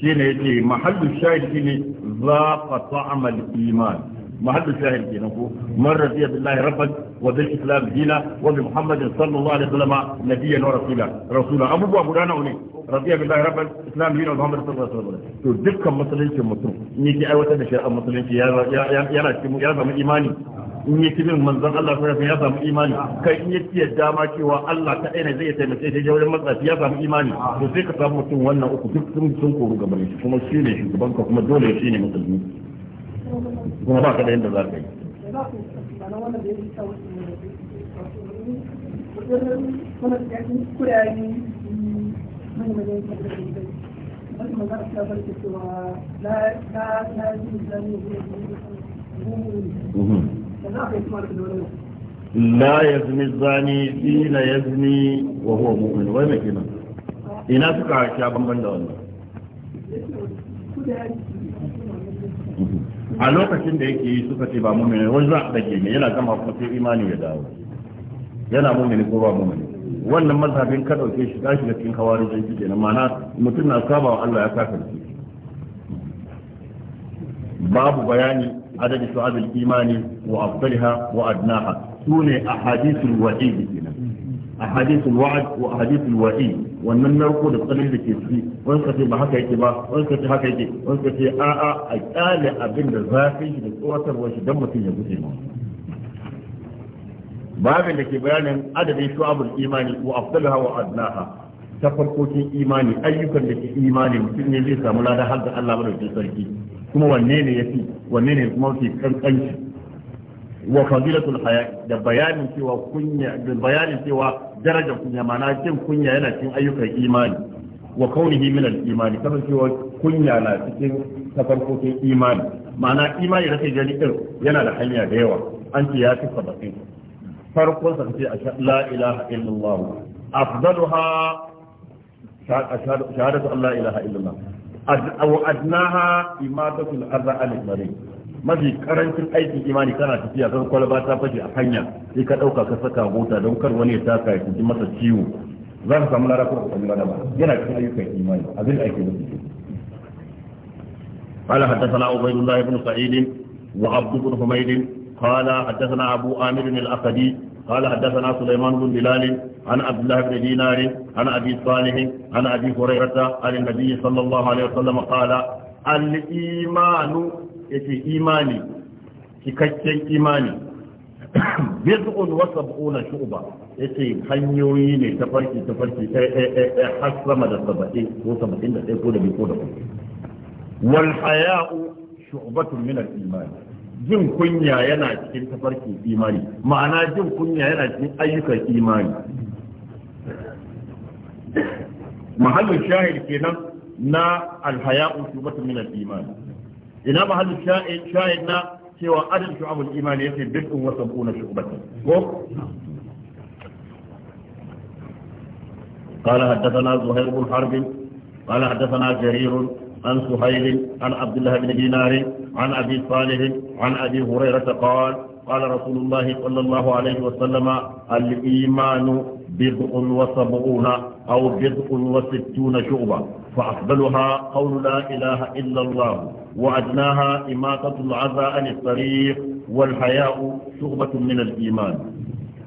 shine yace mahallu shahid ne za fa ta'amal iman محل الشاهد كينكو من رضي بالله ربا وبالإسلام دينا وبمحمد صلى الله عليه وسلم نبيا ورسولا رسولا أبو بو أبو دانا وني رضي بالله ربا إسلام دينا ومحمد صلى الله عليه وسلم تو دكا مسلين كمتو نيكي أيوة تدشاء مسلين يا يا يا يا يا إيماني in yi kirin manzon Allah sai ya samu imani kai in yi yadda ma cewa Allah ta aina zai taimake shi wajen matsafi ya samu imani to sai ka samu mutum wannan uku duk sun sun koru gaban shi kuma shi ne shugaban ka kuma dole shi ne musulmi kuma ba ka da yadda za ka yi لا يزني الزاني حين يزني وهو مؤمن وين كنا a lokacin da yake yi suka ce ba mumini wani za a dage ne yana gama kuma sai imani ya dawo yana mumini ko ba mumini wannan mazhabin ka dauke shi tashi da cikin da yake kenan ma'ana mutum na saba wa Allah ya shi babu bayani adadi su'abil imani wa afdaliha wa adnaha sune ahadithul wa'id kenan ahadithul wa'd wa ahadithul wa'id wannan narko da tsanin da ke ciki wani kace ba haka yake ba wani kace haka yake wani kace a a a kyale abin da zafin shi da tsawatarwar shi don mutum ya guje babin da ke bayanin adadin shu'abul imani wa afdalaha wa adnaha ta farkokin imani ayyukan da ke imani mutum ne zai samu lada har da Allah madaukakin sarki kuma wanne ne yafi wanne ne kuma ke kankanci wa fadilatul haya da bayanin cewa kunya da bayanin cewa darajar kunya ma'ana jin kunya yana cikin ayyukan imani wa kaunihi min al-imani cewa kunya na cikin tafarkokin imani ma'ana imani da kai gani din yana da hanya da yawa an ce ya fi sabatin farkon sa ce la ilaha illallah afdaluha shahadatu an la ilaha illallah wa adnaha al arda al-marid mafi karancin aikin imani kana tafiya kan kwalba ta fashe a hanya sai ka ɗauka ka saka mota don kar wani ya taka ya ji masa ciwo za ka samu lara ko kuma lada ba yana cikin ayyukan imani abin da ake nufi قال حدثنا عبيد الله بن سعيد وعبد بن حميد قال حدثنا ابو عامر الاخدي قال حدثنا سليمان بن بلال عن عبد الله بن دينار عن ابي صالح عن ابي هريره عن النبي صلى الله عليه وسلم قال الايمان yace imani cikakken imani bid'un wa sab'una shu'ba yace hanyoyi ne ta farki ta farki eh eh eh, eh har sama da saba'in ko 71 ko da ko da wal haya'u shu'batun min al-iman jin kunya yana cikin tafarkin imani ma'ana jin kunya yana cikin ayyukan imani mahallin shahid kenan na alhaya'u shubatun min al-iman ina mahallin sha'in na cewa adal shu'abul imani yace bid'un wa sab'una shu'batan ko قال حدثنا زهير بن حرب قال حدثنا جرير عن سهيل عن عبد الله بن دينار عن أبي صالح عن أبي هريرة قال قال رسول الله صلى الله عليه وسلم الإيمان بضع وسبعون أو بضع وستون شعبة فأقبلها قول لا إله إلا الله وأدناها إماطة العذى عن الطريق والحياء شغبة من الإيمان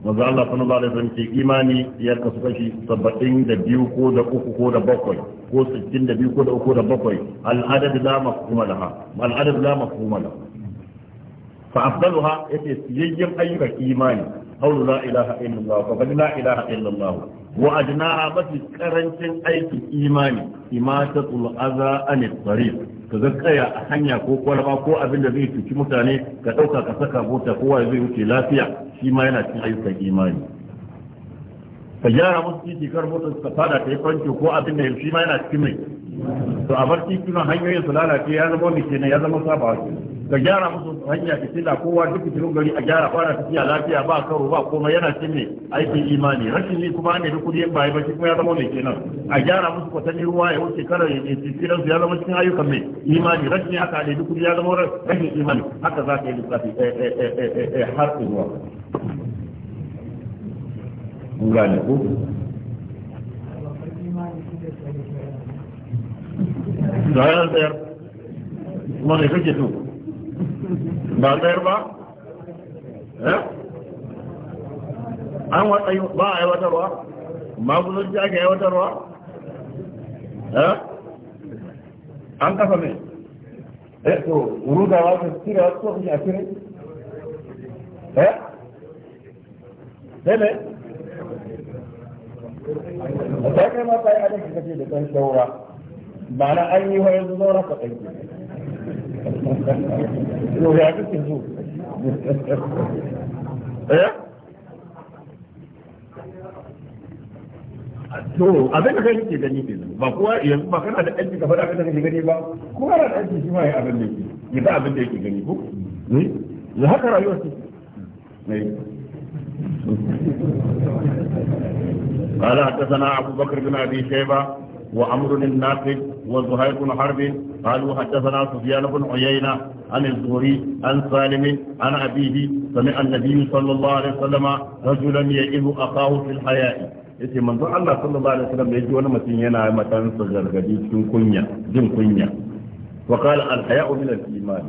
manzo Allah sallallahu alaihi wasallam ce imani ya kasu kashi 72 ko da uku ko da bakwai ko 62 ko da uku da bakwai al'adad la mafhuma laha al'adad la mafhuma laha fa afdaluha yace siyayyin ayyukan imani qawlu la ilaha illallah fa qad la ilaha illallah wa adnaha mafi karancin aikin imani imatatul adha ka ga tsaya a hanya ko kwalaba ko abin da zai cuci mutane ka ɗauka ka saka mota kowa zai wuce lafiya shi ma yana cin ayyukan imani ka gyara musu titi kar motar faɗa fada ta yi fanki ko abin da shi ma yana cikin mai to a bar titunan hanyoyin su lalace ya zama wanda kenan ya zama saba ka gyara musu hanya tilla kowa duk cikin gari a gyara fara tafiya lafiya ba karo ba kuma yana cin ne aikin imani rashin ne kuma ne duk kudi ba ba shi kuma ya zama wanda kenan a gyara musu kwatanni ruwa ya wuce kala ya ce fitilan su ya zama cikin ayyukan mai imani rashin aka ne duk kudi ya zama rashin imani haka za ka yi lissafi eh, eh, eh, har zuwa. Ngane, ko? da ya tsayar kake so ba tsayar ba eh? an watsayi ba a aiwatarwa ake aiwatarwa eh? an kafa eh to ta tsira a eh a ta kai da ɗan ba na an yi hoyar zuwa na ka ɗauke to ya kake zo eh to abin da kai kake gani ke ba kuwa yanzu ba kana da aiki ka faɗa kana kake gani ba ko kana da aiki shi ma ya abin da yake ya ta abin da yake gani ko ne eh? ya haka rayuwar take ne eh. قال حدثنا ابو بكر بن ابي شيبه وعمر النافذ وزهير بن حرب قالوا حدثنا سفيان بن عيينة عن الزهري عن سالم عن أبيه سمع النبي صلى الله عليه وسلم رجلا يئب أخاه في الحياء yace manzo Allah sallallahu alaihi wasallam yaji wani mutum yana matan sa gargadi cikin kunya jin kunya wa qala al haya'u min al iman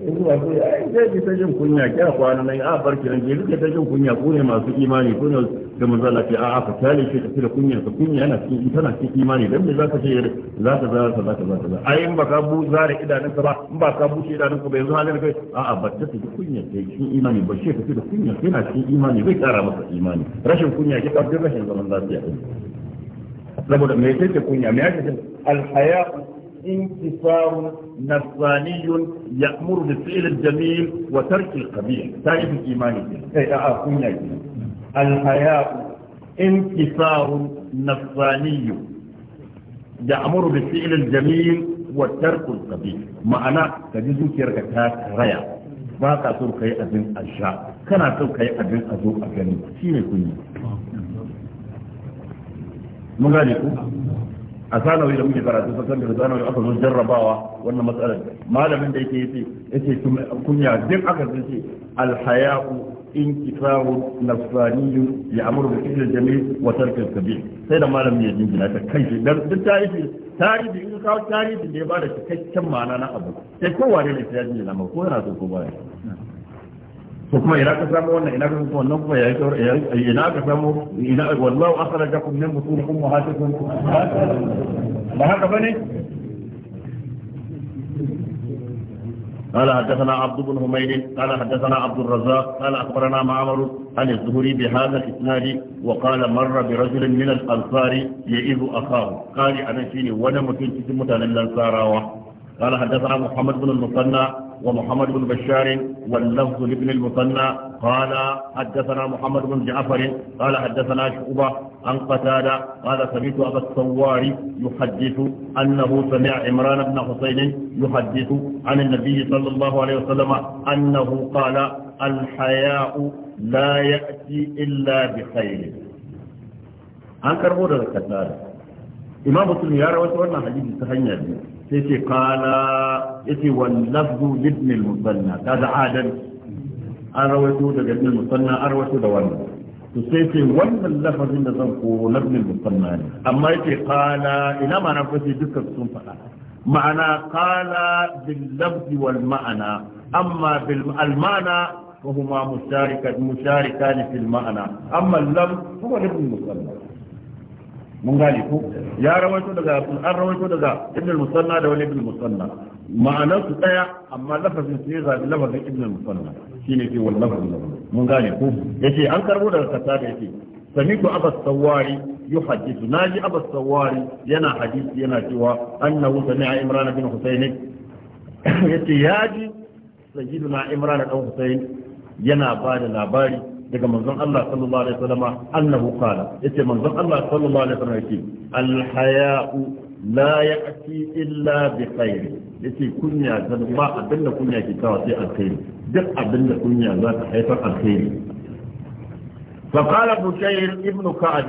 in ba ku ai zai ji ta jin kunya kya kwana nan a barki nan ke rike ta jin kunya ku ne masu imani ko ne da manzala ce a a ka tale shi tafi da kunya ka kunya yana cikin tana cikin imani dan me zaka ce za ka za ka za ka za ka ai in ba ka bu zare idanun ka ba in ba ka bushe idanun ka ba yanzu halin kai a a ba ta tafi kunya ke cikin imani ba shi tafi da kunya yana cikin imani bai kara masa imani rashin kunya ke kafin rashin zaman lafiya saboda me yake kunya me yake alhaya انتصار نصراني يأمر بالفعل الجميل وترك القبيح تعرف الإيمان أي أعطينا الحياء انتصار نصراني يأمر بالفعل الجميل وترك القبيح معنى تجد كيرك تاك ريا ba ka so ka yi abin a sha kana so ka yi abin a zo a gani shi ne kunya mun gane ku a sanawi da muke karatu sassan da sanawi aka zo jarrabawa wannan matsalar malamin da yake yace yace kunya duk aka ce alhaya'u inkifaru nafsaniyu ya amuru bi fi'l jamil wa tarkil kabir sai da malamin ya jingina ta kai dan duk tarihi tarihi in ka tarihi da ya bada cikakken ma'ana na abu sai kowa ne ya jingina ma ko yana so ko baya ko kuma ina ka samu wannan ina ka samu wannan kuma yayi ina ka samu ina wallahu akhrajakum min butun ummahatikum ba haka bane قال حدثنا عبد بن حميد قال حدثنا عبد الرزاق قال أخبرنا معمر عن الزهري بهذا الإسناد وقال مر برجل من الأنصار يئذ أخاه قال أنا شيني وأنا مكنت متى للأنصار قال حدثنا محمد بن المثنى ومحمد بن بشار واللفظ لابن المثنى قال حدثنا محمد بن جعفر قال حدثنا شعبة عن قتادة قال سمعت أبا الثوار يحدث أنه سمع عمران بن حسين يحدث عن النبي صلى الله عليه وسلم أنه قال الحياء لا يأتي إلا بخير عن كربورة قتادة إمام مسلم يرى وسوى حديث سهنيا بيه sai ce kala ya ce wallafzu libnil musanna ta da adal an rawaito daga ibnil musanna an rawaito da wannan to sai ce wannan lafazin da zan koro labnil musanna ne amma ya ce kala ina ma'ana ko fashe dukkan sun faɗa ma'ana kala bil lafzi wal ma'ana amma bil al-ma'ana وهما مشاركة مشاركان في المعنى أما اللفظ هو لابن المصنف mun gane ko ya rawaito daga an rawaito daga ibn musanna da wani ibn musanna ma'anar su daya amma lafazin su ya zabi lafazin ibn musanna shine ke wannan lafazin mun gane ko yace an karbo daga kasa da yake samitu abas sawari yuhaddithu naji abas sawari yana hadisi yana cewa annahu sami'a imran bin husayn yace yaji sayyiduna imran bin husayn yana ba da labari daga manzon Allah sallallahu alaihi wasallam annahu qala yace manzon Allah sallallahu alaihi wasallam yace al haya'u la ya'ti illa bi khair yace kunya ta ba abin da kunya ke kawo sai alkhairi duk abin da kunya za ta haifar alkhairi fa qala bushayr ibn ka'ab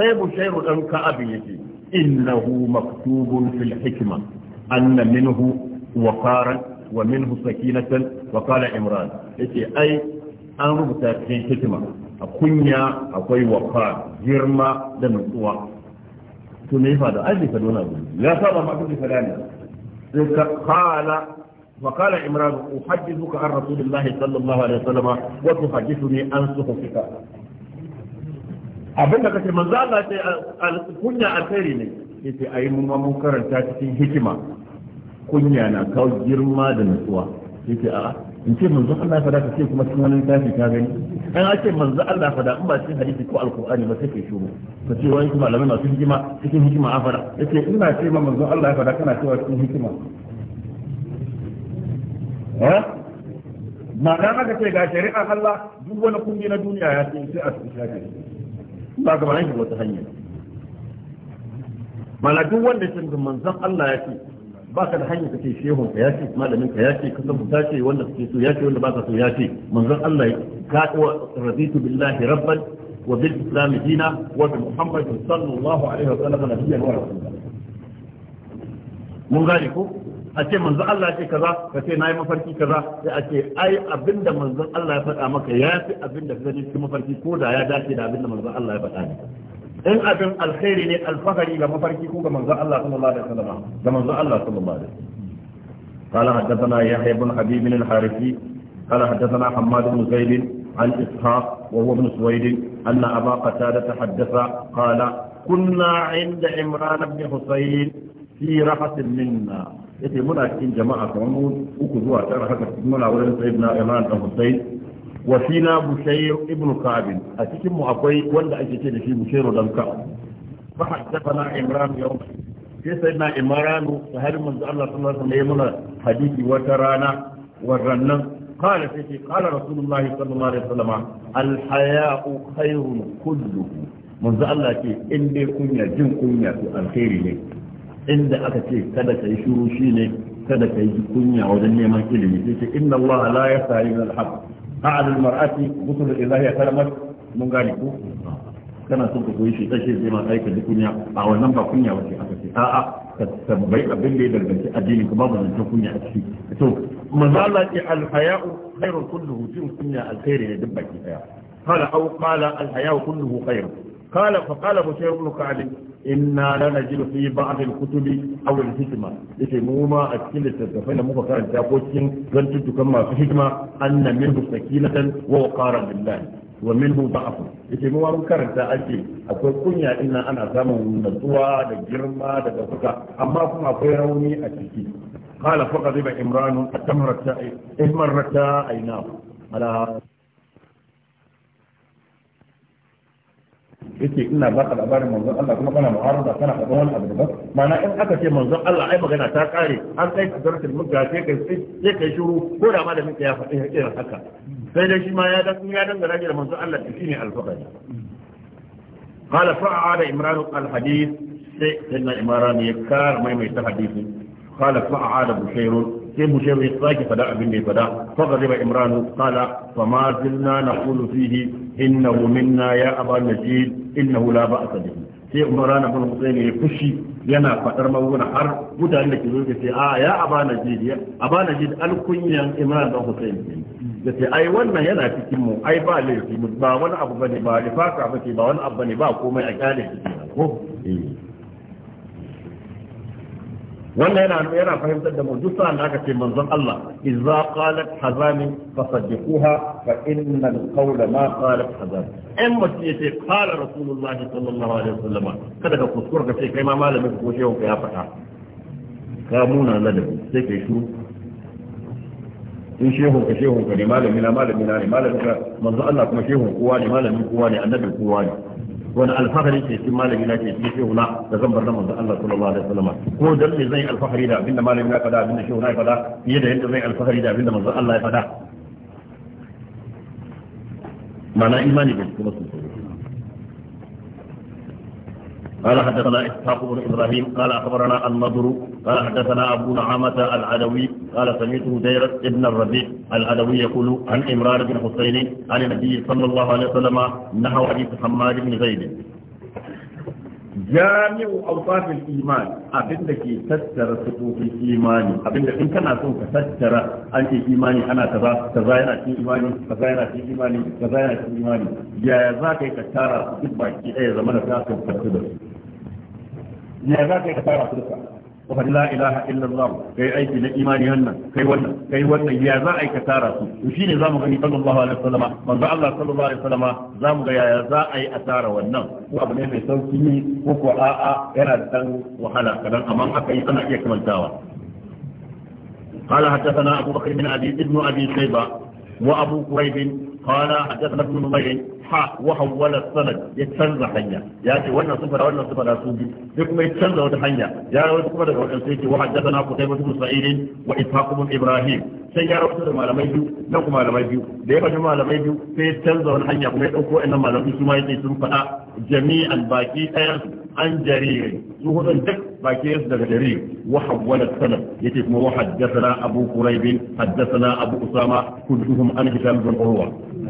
sai bushayr dan ka'ab yace innahu maktubun fil hikma anna minhu waqaran ومنه سكينة وقال عمران يتي أي an rubuta cikin hikima a kunya akwai wafa girma da nutsuwa to me fa da aji ka dona ya saba ma kake fada ne sai ka kala wa kala imran uhaddithuka an rasulullahi sallallahu alaihi wasallam wa tuhaddithuni an suhufika abinda kace manzo Allah sai kunya alkhairi ne yace ayi mun ma mun karanta cikin hikima kunya na kawo girma da nutsuwa yace a'a in ce manzo Allah fada ka ce kuma cikin wani littafi ka gani an ake manzo Allah fada in ba cikin hadisi ko alqur'ani ba take kai shuru ka ce wani kuma malamai masu hikima cikin hikima a fada yace ina ce ma manzo Allah fada kana cewa cikin hikima eh ma'ana ka ce ga shari'a Allah duk wani kungi na duniya ya ce sai a cikin shafi ba ga ba wata hanya duk wanda sun manzon Allah ya ce ba ka da hanyar kake shehu ka yace malamin ka yace ka san ta ce wanda kake so yace wanda ba ka so yace manzon Allah ya ka wa raditu billahi rabban wa bil islam dina wa bi muhammad sallallahu alaihi wa sallam nabiyyan wa rasulullah mun gane ko a ce manzon Allah ya ce kaza ka ce nayi mafarki kaza sai a ce ai abinda manzon Allah ya faɗa maka yafi abinda ka gani cikin mafarki ko da ya dace da abinda manzon Allah ya faɗa maka in abin alkhairi ne alfahari ga mafarki ko ga manzon Allah sallallahu alaihi wasallam ga manzon Allah sallallahu alaihi wasallam قال حدثنا يحيى بن حبيب الحارثي قال حدثنا حماد بن زيد عن اسحاق وهو ابن سويد ان ابا قتاده حدث قال كنا عند عمران بن حسين في رحة منا yace muna cikin jama'a kamar mu uku zuwa tara haka muna wurin sayyidina Imran da Hussein wa fina bushayr ibn ka'ab a cikin mu akwai wanda ake ce da shi bushayr dan ka'ab fa haddathana imran yawm sai sai na imran sahabi manzo Allah sallallahu alaihi wasallam hadisi wata rana warannan قال في قال رسول الله صلى alaihi عليه وسلم الحياء خير كله من Allah ce in dai kunya jin kunya to alkhairi ne inda aka ce kada kai shiru shine kada kai kunya wajen neman ilimi sai inna Allah la yasahi al haqq al mar'ati gusul ilahi ya karamat mun gane ko kana son ka koyi shi tashi zai ma aika dukunya a wannan ba kunya wace aka ce a'a ka tambayi abin da ya danganci addini ka babu zancen kunya a ciki to manzo Allah ya al-haya'u khairu kulluhu jin kunya alkhairi ne duk baki daya qala aw qala al-haya'u kulluhu khairu قال فقال بشير بن كعب إنا لنجد في بعض الكتب أو الحكمة لكي موما أكل التدفين مفكرا تاقوشين زلت كما في حكمة أن منه سكينة ووقارا بالله ومنه ضعف yake mu mun karanta ake akwai kunya ina ana samun natsuwa da girma da ɗaukaka amma kuma akwai rauni a ciki qala faqad imran at yake ina baka labarin manzon Allah kuma kana mu'arada kana faɗan wani abu ba ma'ana in aka ce manzon Allah ai magana ta kare an kai ka zartar muka sai kai sai kai shiru ko da malamin ka ya faɗi irin haka sai dai shi ma ya dan ya dangana da manzon Allah shine alfaqari قال فأعاد إمران الحديث سيدنا إمران يكار ما يميت حديثه قال فأعاد بشير sai mushawar ya sake fada abin da ya fada ba imranu qala fama zilna naqulu fihi innahu minna ya aba najid innahu la ba'sa bihi sai imran ibn husayn ya fushi yana fadar maguna har mutane da ke zo ke ce a ya aba najid ya aba najid alkunyan imran ibn husayn da ce ai wannan yana cikin mu ai ba laifi ba wani abu bane ba lifaka bace ba wani abu bane ba komai a kyale ko eh wannan yana yana fahimtar da mu duk sa'an da aka ce manzon Allah idza qalat hazami fasaddiquha fa inna al-qawla ma qalat hazami in mutum ce qala rasulullah sallallahu alaihi wasallam kada ka kuskura ka ce kai ma malamin ko shehu ka ya faɗa ka muna ladabi sai kai shiru in shehu ka shehu ka ne malami na malami na ne malami ka manzo Allah kuma shehun kowa ne malamin kowa ne annabi kowa ne wani alfahari ke cikin malami na ke cikin shehuna da zan bar namun da Allah sallallahu alaihi wasallam ko dan me zai alfahari da abinda malami na fada abinda shehuna ya fada fiye da yadda alfahari da abinda Allah ya fada imani bai kuma su قال حدثنا إسحاق بن إبراهيم قال أخبرنا النضر قال حدثنا أبو نعامة العدوي قال سمعت هديرة ابن الربيع العدوي يقول عن إمران بن حسين عن النبي صلى الله عليه وسلم نحو حديث حماد بن زيد jami'u awsafil iman abinda ke tattara sifofin imani abinda in kana son ka tattara an ce imani ana kaza kaza yana cikin imani kaza yana cikin imani kaza yana cikin imani yaya za ka yi ka tara su duk baki ɗaya zama da ta kan da su yaya za ka yi ka tara su duka ka la ilaha illallah kai aiki na imani wannan kai wannan kai wannan ya za a yi ka tara su to shine zamu gani sallallahu alaihi wasallama manzo Allah sallallahu alaihi wasallama zamu ga yaya za a yi a tara wannan ko abu ne mai sauki ne ko ko a'a yana da dan wahala kadan amma aka yi ana iya kamantawa قال حدثنا أبو بكر بن أبي ابن أبي شيبة وأبو كريب قال حدثنا ابن نمير ha wa hawwala sanad ya canza hanya ya ce wannan sufa da wannan sufa da su bi duk mai canza wata hanya ya rawaito kuma daga wannan sai ce wa haddathana qutaybah ibn sa'id wa ishaq ibrahim sai ya rawaito da malamai biyu na kuma malamai biyu da ya faɗi malamai biyu sai ya canza wani hanya kuma ya dauko wannan malamai su ma yace sun faɗa jami'an baki ɗaya an jariri su hudun duk baki yansu daga jariri wa hawwala sanad yake kuma wa haddathana abu quraib haddathana abu usama kulluhum an kitab bin urwa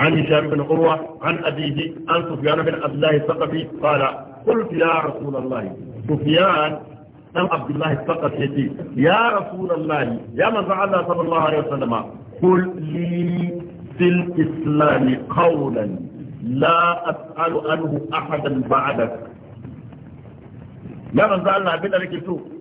عن هشام بن عروة عن أبيه عن سفيان بن عبد الله الثقفي قال قلت يا رسول الله سفيان أم عبد الله الثقفي يا رسول الله يا من فعل صلى الله عليه وسلم قل لي في الإسلام قولا لا أسأل عنه أحدا بعدك يا من فعل عبد الله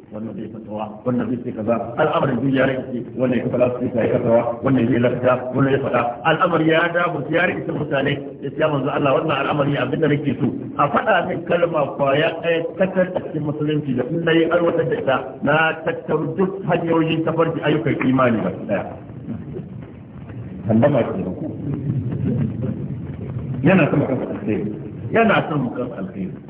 wannan zai fatawa wannan zai sai kaza al'amarin duk ya rike wannan ya kafa su sai kafawa wannan ya lafta wannan ya fada al'amari ya da mu ya rike mutane ya manzo Allah wannan al'amari abinda nake so a fada min kalma kwaya ɗaya takar a cikin musulunci da in nayi alwatar da ita na tattaru duk hanyoyin tafarki ayyukan imani ba daya sallama ke yana son mukan alkhairi yana son mukan alkhairi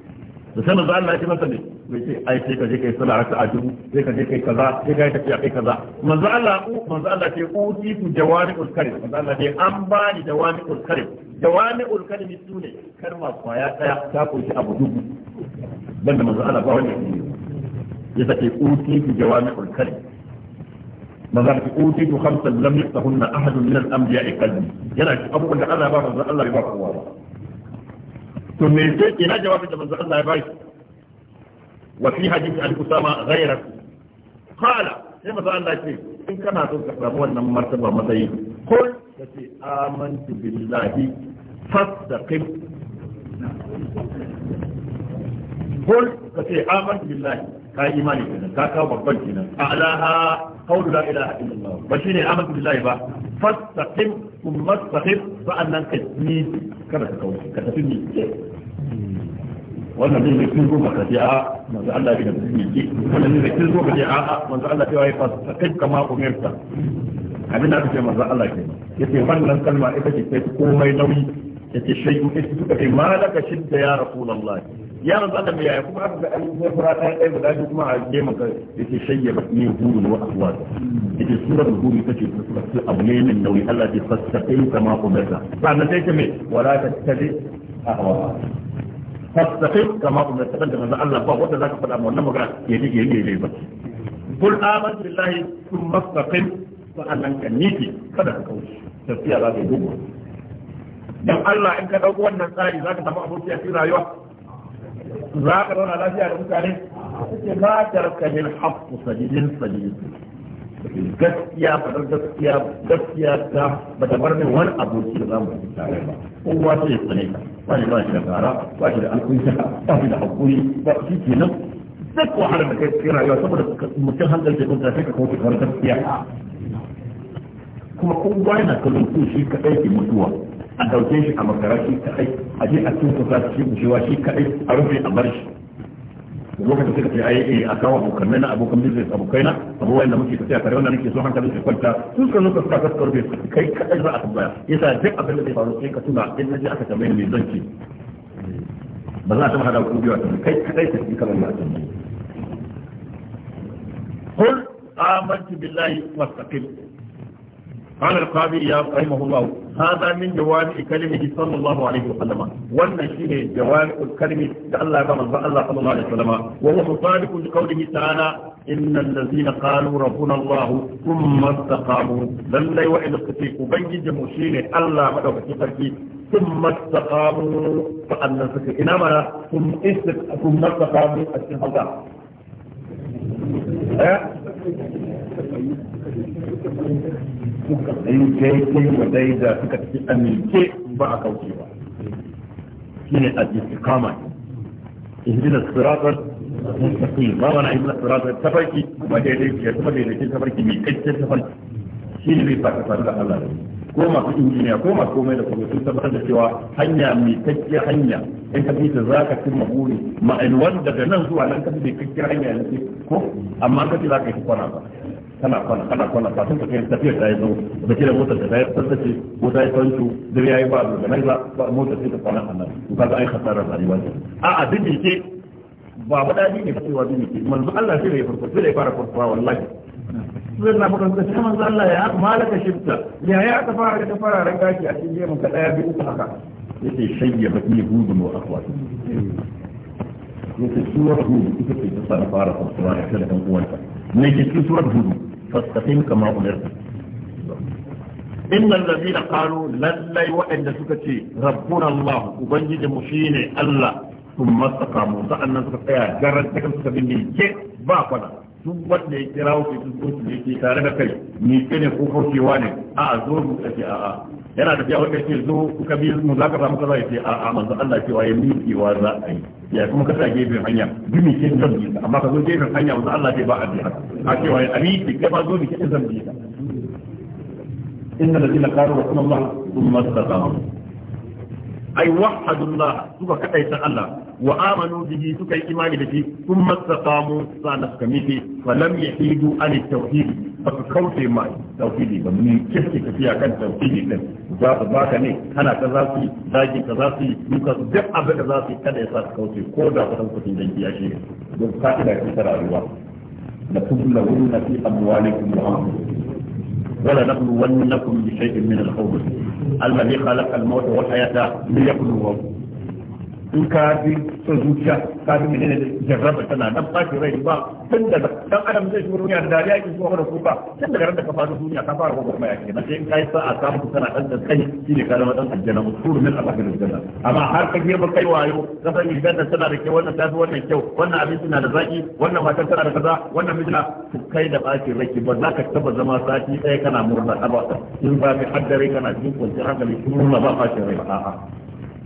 da sanin za Allah ya ce masa ne bai ce ai sai ka je kai sallah raka'a dubu sai ka je kai kaza sai ka yi tafiya kai kaza manzo Allah manzo Allah ce uti tu jawami'ul kalim manzo Allah ce an ba ni jawami'ul kalim jawami'ul kalim su kar ma kwaya daya ta kunshi abu dubu banda manzo Allah ba wanda ya sake uti tu jawami'ul kalim manzo Allah ce uti tu khamsan lam yaftahunna ahadun min al-anbiya'i qalbi yana abubuwan da Allah ba manzo Allah ya ba kowa ba to me sai ke na jawabin da manzo Allah ya bai wa fi hadith al-usama ghayrak qala sai manzo Allah ya ce in kana so ka samu wannan martaba matsayi kul kace amantu billahi fastaqim kul kace amantu billahi ka imani kenan ka kawo babban kenan a'laha qawlu la ilaha illallah ba shi ne amantu billahi ba fastaqim thumma istaqim sa'annan ka ni kada ka kawo ka tafi ni wannan ne kin zo ka ce a manzo Allah ya tafi ni wannan ne kin zo ka ce a manzo Allah ya yi fastaqim kama umirta abin da aka ce manzo Allah ke yace wannan kalma ita ce sai komai nauyi yace shay'u ita duka kai malaka shidda ya rasulullahi yaron zaka mai yaya kuma aka an sai fara ta ɗaya guda biyu kuma a je maka yake shayya ne hurun wa aswat yake suratul hurun take su abu ne min nauyi Allah ya fassaqin kama umarta sannan sai ta me wala tattabi ahwa fassaqin kama umarta kan da manzo Allah ba wanda zaka faɗa wannan magana ya ji ya yi ba kul amantu billahi thumma fastaqim sa'annan kan niki kada ka kauce tafiya za ka yi dan Allah in ka dauko wannan tsari zaka samu abokiya cikin rayuwa za ka zauna lafiya da mutane suke la tarka bil haqqu sajidin sajidin gaskiya fadar gaskiya gaskiya ta ba ta bar min wani aboki da zamu yi tare ba kowa sai ya tsane ka wani ba shi da gara ba shi da alƙunta ba shi da haƙuri ba shi kenan duk wahalar da kai cikin yau. saboda mutum hankali da kunta sai ka kawo kamar gaskiya kuma kowa yana kallon shi kaɗai ke mutuwa a ɗauke shi a makara shi kaɗai a je a cikin kusa shi bushewa shi kaɗai a rufe a bar shi lokacin suka ce ai eh, a kawo abokan na abokan business abokai na abubuwan da muke tafiya kare wannan nake so hankalin su kwanta su suka nuka suka kasa karfe kai kaɗai za a tambaya yasa duk abin da zai faru sai ka tuna in naje aka tambaye ni zanci ba za a taɓa hada ku biyu a kai kaɗai ka ji kamar na tambaye kul amantu billahi wastaqim قال القاضي يا رحمه الله هذا من جوامع كلمه صلى الله عليه وسلم وان شيء جوامع الكلمه الله كما الله صلى الله عليه وسلم وهو مصادق لقوله تعالى ان الذين قالوا ربنا الله ثم استقاموا لم لا يوئد القتيل وبين جموشين الله مدوكتي فرقي ثم استقاموا فان سكر انما ثم استقاموا السنه suka tsayi daidai wa daida suka tafi amince ba a kauce ba shine al-istiqama ihdinas siratal mustaqim ma wana ihdinas siratal tafarki kuma daidai ke kuma daidai tafarki mai kaccen tafarki shine bai fata fata Allah ko masu injiniya ko masu komai da kuma sun tabbatar da cewa hanya mai kakkiyar hanya in ka fita za ka cimma buri ma'an wanda daga nan zuwa nan ka fi mai kakkiyar hanya ne ko amma ka ce za ka yi kwana ba kana kwana kana kwana kafin ka kai tafiyar ta yi zo da kira motar da ta yi tsaftace ko ta yi fanto da ya yi ba da nan ba motar sai ta kwana a nan ka ga ai hasarar rayuwa a a duk ke ba ba dadi ne fitowa duk ke manzo Allah sai ya farko sai ya fara farko wallahi sai na farko sai kuma manzo Allah ya malaka shifta ya ya aka fara ka fara ranka ki a cikin jemin ka daya bi uku haka yace shayya baki gudun wa akwati yace suwar gudun ita ce ta fara farko ya kada kan uwanta ne ke cikin surat hudu fastaqim kama umirta innal ladina qalu lallai waɗanda suka ce rabbuna allah ubangiji mu shine allah thumma istaqamu sa'annan suka tsaya garan cikin suka bin ke ba kwana duk wanda ya kira ku su su ne ke tare da kai ni ke ne ko kokewa ne a a zo mu tafi a yana tafiya wanda ke zo ka bi mu za ka samu kaza ya ce a a manzo Allah cewa ya miƙewa za a yi ya kuma ka sa gefen hanya gumi ke zambi amma ka zo gefen hanya manzo Allah ce ba a biya a cewa ya miƙe ka ba zo ne ke zambi inna ladina qalu rasulullah thumma istaqamu ay wahadullah suka kadaita Allah wa amanu bihi suka yi imani da shi kun mastaqamu sana suka miƙe fa lam yahidu an tauhid ba ka kauce ma tauhidi ba mun kike tafiya kan tauhidi din za ka baka ne kana ka za su daji ka za su duka su duk abin da za su kada ya sa ka kauce ko da ka san kudin dangi ya shiga don ka kira ki tara ruwa da kullu wa na fi amwalikum wa amwalikum wala nablu wannakum bi shay'in min al-khawf al-ladhi khalaqa al-mawt wa al-hayata liyabluwakum in ka fi son zuciya ka bi menene da jarraba tana dan ba rai ba tun da dan adam zai shiga duniya da dariya yake zuwa da kuka tun daga da ka fara duniya ka fara kuma ya kenan sai in kai sa ka samu kana dan da kai shine ka zama dan aljanna mutur min Allah bil janna amma har ka je ba kai wayo ka san idan tana da kyau wannan tafi wannan kyau wannan abinci na da zaki wannan matan tana da kaza wannan mijina kai da bacin rai ba za ka taba zama sati daya kana murna ba in ba mai haddare kana jin kwanciyar hankali kuma ba bacin rai ba a'a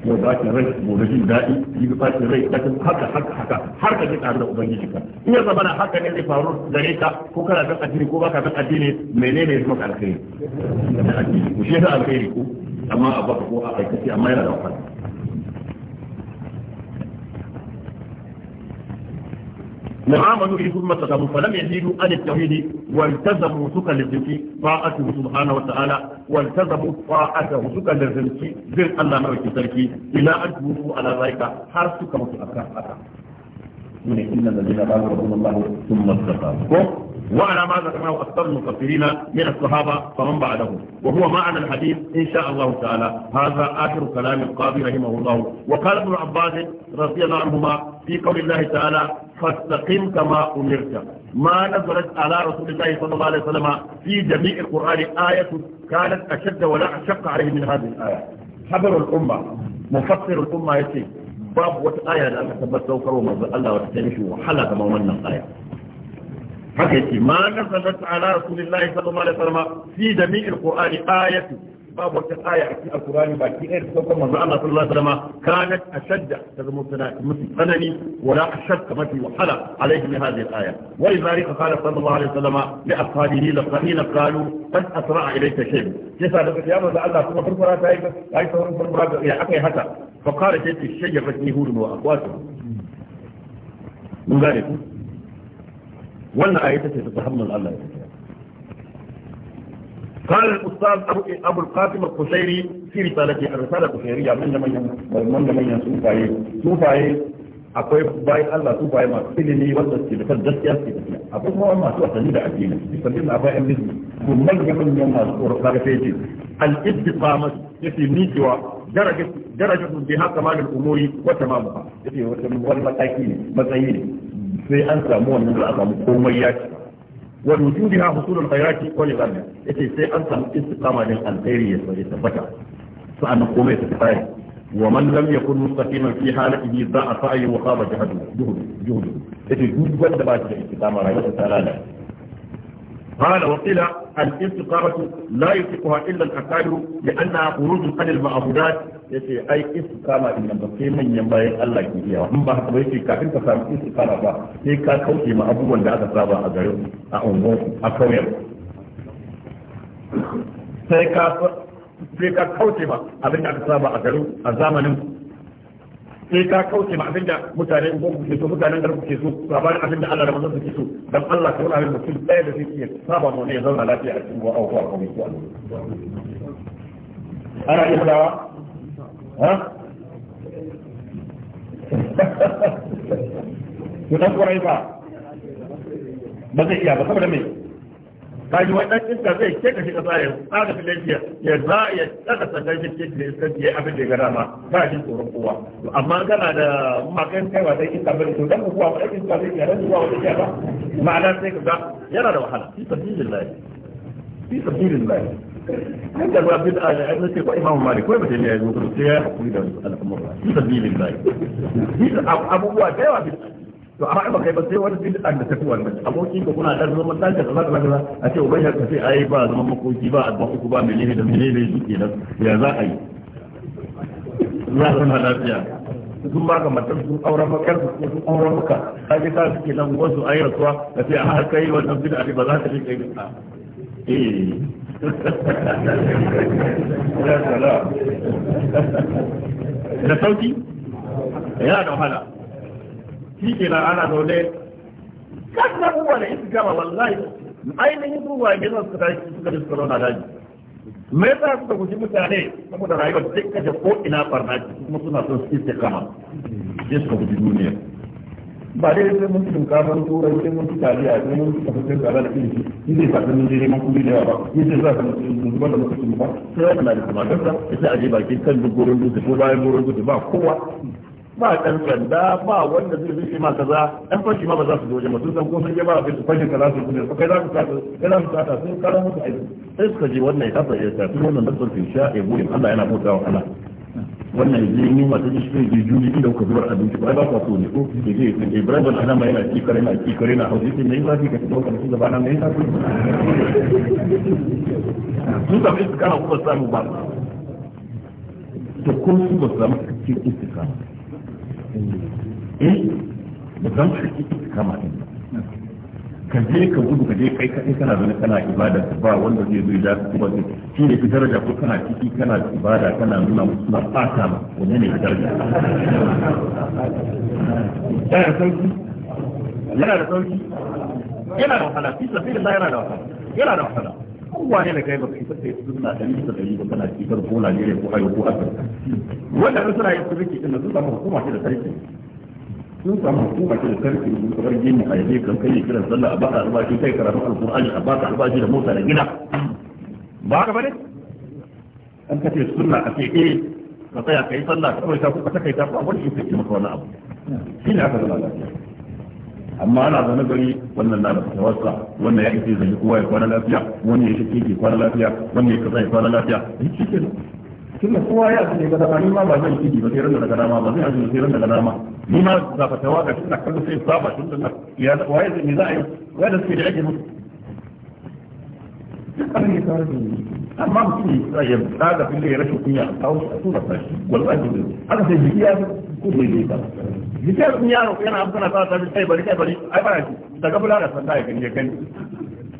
yau bacin rai gobe jin daɗi jibi bacin rai dakin haka haka haka har ka ji tare da ubangiji ka in ya zamana haka ne zai faru gare ka ko kana kan addini ko baka kan addini menene ya maka alkhairi shi da alkhairi ko amma a baka ko a aikace amma yana da wahala وآمنوا في ثم صدقوا فلم يزيدوا عن التوحيد والتزموا سكا للزمك طاعته سبحانه وتعالى والتزموا طاعته سكا للزمك زر الله مركي تركي إلى أن توفوا على ذلك حرسك سكا متأكا من إن الذين قالوا رسول الله ثم استقاموا وعلى ما ذكرناه أكثر المفسرين من الصحابة فمن بعدهم وهو معنى الحديث إن شاء الله تعالى هذا آخر كلام القاضي رحمه الله وقال ابن عباس رضي الله عنهما في قول الله تعالى فاستقم كما أمرت ما نزلت على رسول الله صلى الله عليه وسلم في جميع القرآن آية كانت أشد ولا أشق عليه من هذه الآية حبر الأمة مفسر الأمة يسير باب وتآية لا تبت سوكر ومرضى الله وتتنشي وحلى كما من الآية حكيتي ما نزلت على رسول الله صلى الله عليه وسلم في جميع القرآن آية babu wata aya a cikin alkurani baki ɗaya da saukan manzo Allah sallallahu alaihi wasallam kanat ashadda ta zama mafi tsanani wala ashadda mafi wahala alaihi min hadhihi al-aya wa lidhalika qala sallallahu alaihi wasallam li ashabihi laqina qalu qad asra'a ilayka shay yasa da ya manzo Allah kuma furfura ta yi ta yi sauran furfura da ya akai haka fa qala shayti shayyabat yahudun wa aqwatu mun gane ku wannan ayata ce ta tahammal Allah ya قال الاستاذ ابو ابو القاسم القشيري في رسالته الرساله القشيريه من من من من akwai bayan Allah su bayan masu ilimi wanda suke da gaskiya suke tafiya akwai kuma masu wasanni da addini sannan na bayan bizni ko manyan manyan masu tsoron sarfeji al-ittiqama yace miƙewa daraja daraja bi haka ma da umuri wa tamamu yace wata wani mataki ne matsayi ne sai an samu wannan za a samu komai ya wa wujudiha husulul khairati wal ghadab yace sai an samu istiqama din alkhairi ya sai tabbata sa'an komai ta tsaya wa man lam yakun mustaqiman fi halatihi da'a sa'i wa khaba jahdu juhdu yace duk wanda ba shi da istiqama rayuwarsa ta lalace قال وقيل الاستقامة لا يطلقها إلا الأكابر لأنها خروج عن المعبودات yace ai istiqama din nan ba sai manyan bayan Allah ke iyawa in ba haka ba kafin ka samu istiqama ba sai ka kauce ma abubuwan da aka saba a garin a kauyen abin da aka saba a a zamanin sai ka kauce ma abinda mutane ko kuke so mutanen garin kuke so labarin abinda Allah da manzon so dan Allah ta wani mutum da zai iya saba mu ne zauna lafiya a cikin wa ko a ana iya ha to dan kurai ba ba zai iya ba saboda me kaji wannan iska zai ke kashi kasa ya tsara filafiya ya za ya tsaka sandan shi ke da iska ya abin da ya gara ma ba shi tsoron kowa amma gana da makan kaiwa da iska bari to dan kuwa wannan iska zai ya rantsuwa wata ya ba ma'ana sai ka ga yana da wahala fi sabilillah fi kan da ba bid'a ai sai ko imamu malik ko ya yi ko sai ya hakuri da fi abubuwa da yawa bid'a to amma ba kai ba sai wani bid'a da ta tuwa mace aboki ko kuna da zaman dan ka kaza kaza a ce ubai ka sai ai ba zaman makoki ba ba uku ba ne da menene shi kenan ya za a yi za ka na lafiya sun baka matar sun auren makar su ko sun auren maka ka ji ka suke nan wasu a yi rasuwa ka sai a har kai wannan bid'a ba za ka je kai bid'a eh da sauki yana da wahala shi na ana zaune kan na uwa da isi gama wallahi ainihin ruwa ne za su tashi suka ji tsaro na daji me yasa suka guji mutane saboda rayuwar duk kaje ko ina farna barna kuma suna son su ce kama je suka guji duniya ba dai sai mun cikin kafin turai sai mun fita da sai mun fita fitar da ranar ilimi shi zai fasa mun je mun kudi da yawa shi zai fasa mun zubar da mutum ba sai wannan da kuma da sai a je bakin kan duk gurin dutse ko bayan gurin dutse ba kowa ba ɗan sanda ba wanda zai zai ma kaza ɗan fashi ma ba za su zo wajen ba sun san ko sun je ba su fashin za su kuma kai za su kata kai za su sun kara musu aiki sai suka je wannan ya kasa ya tafi wannan dabbar sun sha a buɗe Allah yana wa Allah wannan zai yi masu ji shi zai juli inda kuka zubar abinci ba ba ku so ne ko da yi ban ana na kikare na kikare na hausa ka gaba na mai sun samu kuma samu ba to su ba samu cikin eh da ka je ka gudu ka je kai kai kana kana ibada ba wanda zai kuma zai shi ne daraja ko kana ciki kana ibada kana nuna musu na fata ma wani ne yana da sauki yana da sauki yana da wahala fi da yana da wahala yana da wahala kowa ne da kai ba kai ba sai suna da nisa da yi ba kana cikar ko Najeriya ko Ayo ko Afirka wanda an suna su sarki din sun samu hukuma ce da sarki sun samu hukuma ce da sarki sun kamar gini a yaje kan kai kiran sallah a baka albashi kai karatu alqur'ani a baka albashi da mota da gida ba ka bane an kace sunna a ce eh ka tsaya kai sallah kawai ta ku ta kai ta ku abin da yake maka wani abu ne aka zama lafiya amma ana zaune gari wannan na da fatawarsa wannan ya kace zai kowa ya kwana lafiya wannan ya kace ke kwana lafiya wannan ya kaza ya kwana lafiya shi ke tunda kowa ya kace ga dama ma ba zai kiji ba sai ran daga dama ba zai azumi sai ran daga dama ni ma da fatawa ga tunda kallo sai saba da ya waye zai me za a yi waye da suke da ake musu dukkan ya tare da amma mutum ya tsaya ya tsada fili ya rashin kunya a kawo a tura sashi wallahi haka sai jiki ya daidai ba bitar in yaro yana abu kana sa tafi sai bari sai bari ai shi daga bula da santa ya gani gani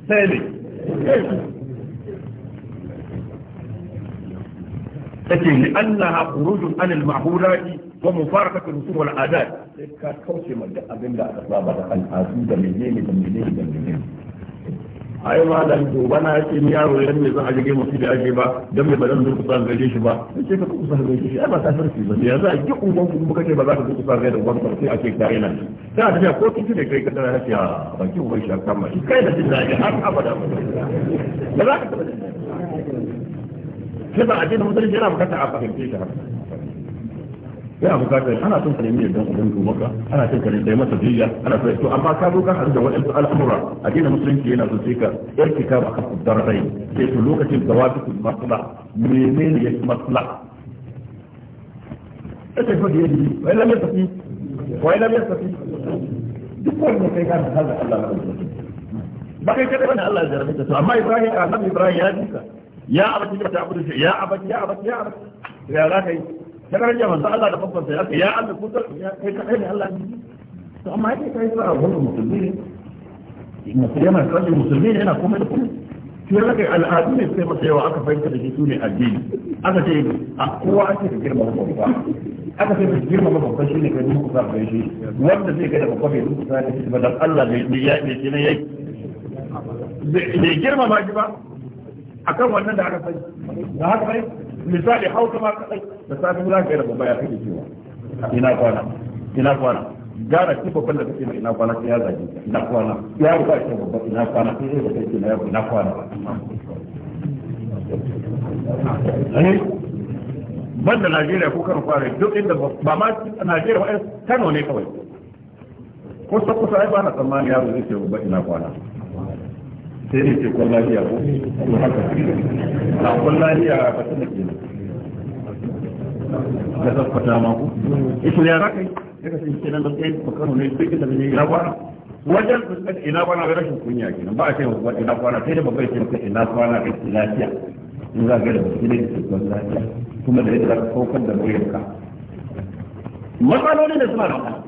sai ne take li annaha khurujun wa wal adat ka kauce ma da abin da aka saba da al'adu da menene da menene da menene ai malam gobe na yake ni yaro idan ne zan aje mutu da aje ba don me ba zan zuku san gaje shi ba sai ka kusa gaje shi ai ba ta farki ba Yanzu za ki ungon ku ba kace ba za ka kusa san gaje uban sai ake kare nan sai a tafiya ko kike ne kai ka tana lafiya a ki uban shi a kama shi kai da jin daɗi har abada ba za ka taɓa jin daɗi sai ba a addinin musulunci yana bukatar a fahimce shi haka yana bukatar ana son kare nemi yardan ubangiji maka ana son ka nemi masa biyayya ana son to amma ka zo ka da waɗansu al'amura addinin musulunci yana so sai ka irtika ba aka kuddar rai sai to lokacin zawatu masla menene ya masla ake fadi yadda wai lam yastati wai lam yastati duk wanda kai ka da Allah ba kai kada bane Allah ya jarabe ta to amma Ibrahim annabi Ibrahim ya dinka ya abati ya abudu ya abati ya abati ya abati ya za kai da daraja manzo Allah da babban sai aka ya Allah ku ya kai ka kai Allah ne to amma yake kai ba a gurbin musulmi musulmi yana kai musulmi yana kuma da kuma shi yana kai al'adu ne sai masa yawa aka fahimta da shi su ne addini aka ce a kowa ake da girma babba aka ce da girma babba shi ne kai duk kusa da shi wanda zai kai da babba bai duk kusa da shi ba dan Allah ne ya ne shi ne yayi bai girma ba shi ba akan wannan da aka sani da haka bai misali hausa ma kadai da safi za ka yi da baya kake cewa ina kwana ina kwana gara ki ban da kake ina kwana ya zage ina kwana ya ruka ki babban ina kwana sai da kake na ina kwana ban da Najeriya ko kan fara duk inda ba ma Najeriya ba Kano ne kawai kusa kusa ai ba na tsammani Ya zai ce babban ina kwana sai ne ke kwan ko haka na kwan ba ta da kenan ma raka ya kenan da kai ba kano ne duk da ne ya kwana wajen ina kwana ga rashin kunya kenan ba a ce wa ina kwana sai da babbar ce ina kwana ga lafiya in za ga da shi ne ke kwan kuma da yadda za ka saukar da muryarka matsalolin da suna da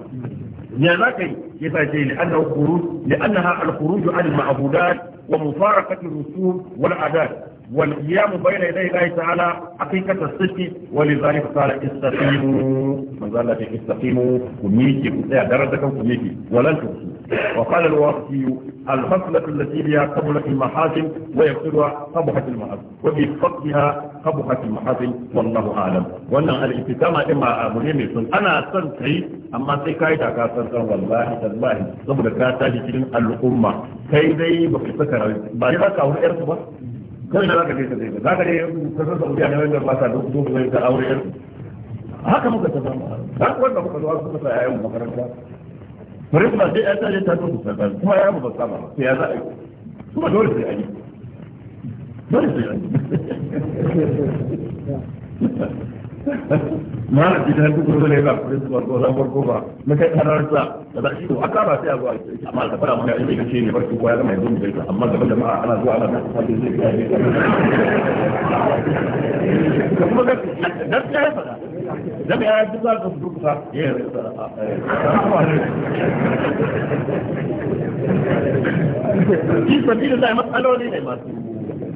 يا ذاكي يفاتي لأنه لأنها الخروج عن المعبودات ومفارقة الرسوم والعادات والقيام بين يدي الله تعالى حقيقة الصدق ولذلك قال استقيموا من قال لك استقيموا كميكي كتاع دردكم كميكي ولن تبصوا وقال الوافي الخصلة التي بها قبلة المحاسن ويكسرها قبحة المحاسن وبفقدها قبحة المحاسن والله أعلم وأن الابتسامة إما مهمة أنا سنتي أما سيكايتا كاسر والله تالله قبل ka tashi الأمة al'umma kai dai baka saka sai da ka je ka zai zaka je ka san Saudi a nan ba sa duk duk zai ta aure haka muka ta zama har wanda muka zo suka sa yayin makaranta bare kuma ya tare ta duk sai kuma ya mu ba ba sai ya za a yi kuma dole sai a yi dole sai a yi mana na fitar duk wani ne ba principal ko na farko ba na kai kararsa da za shi to aka ba sai a zuwa amma da fara mana ilimi ce ne farko ko ya zama yanzu da amma da jama'a ana zuwa ana ta sai zai kai da kuma gaskiya ya fara da me ya yi duk za ka fito kusa ya yi Ki sabi da zai matsaloli ne masu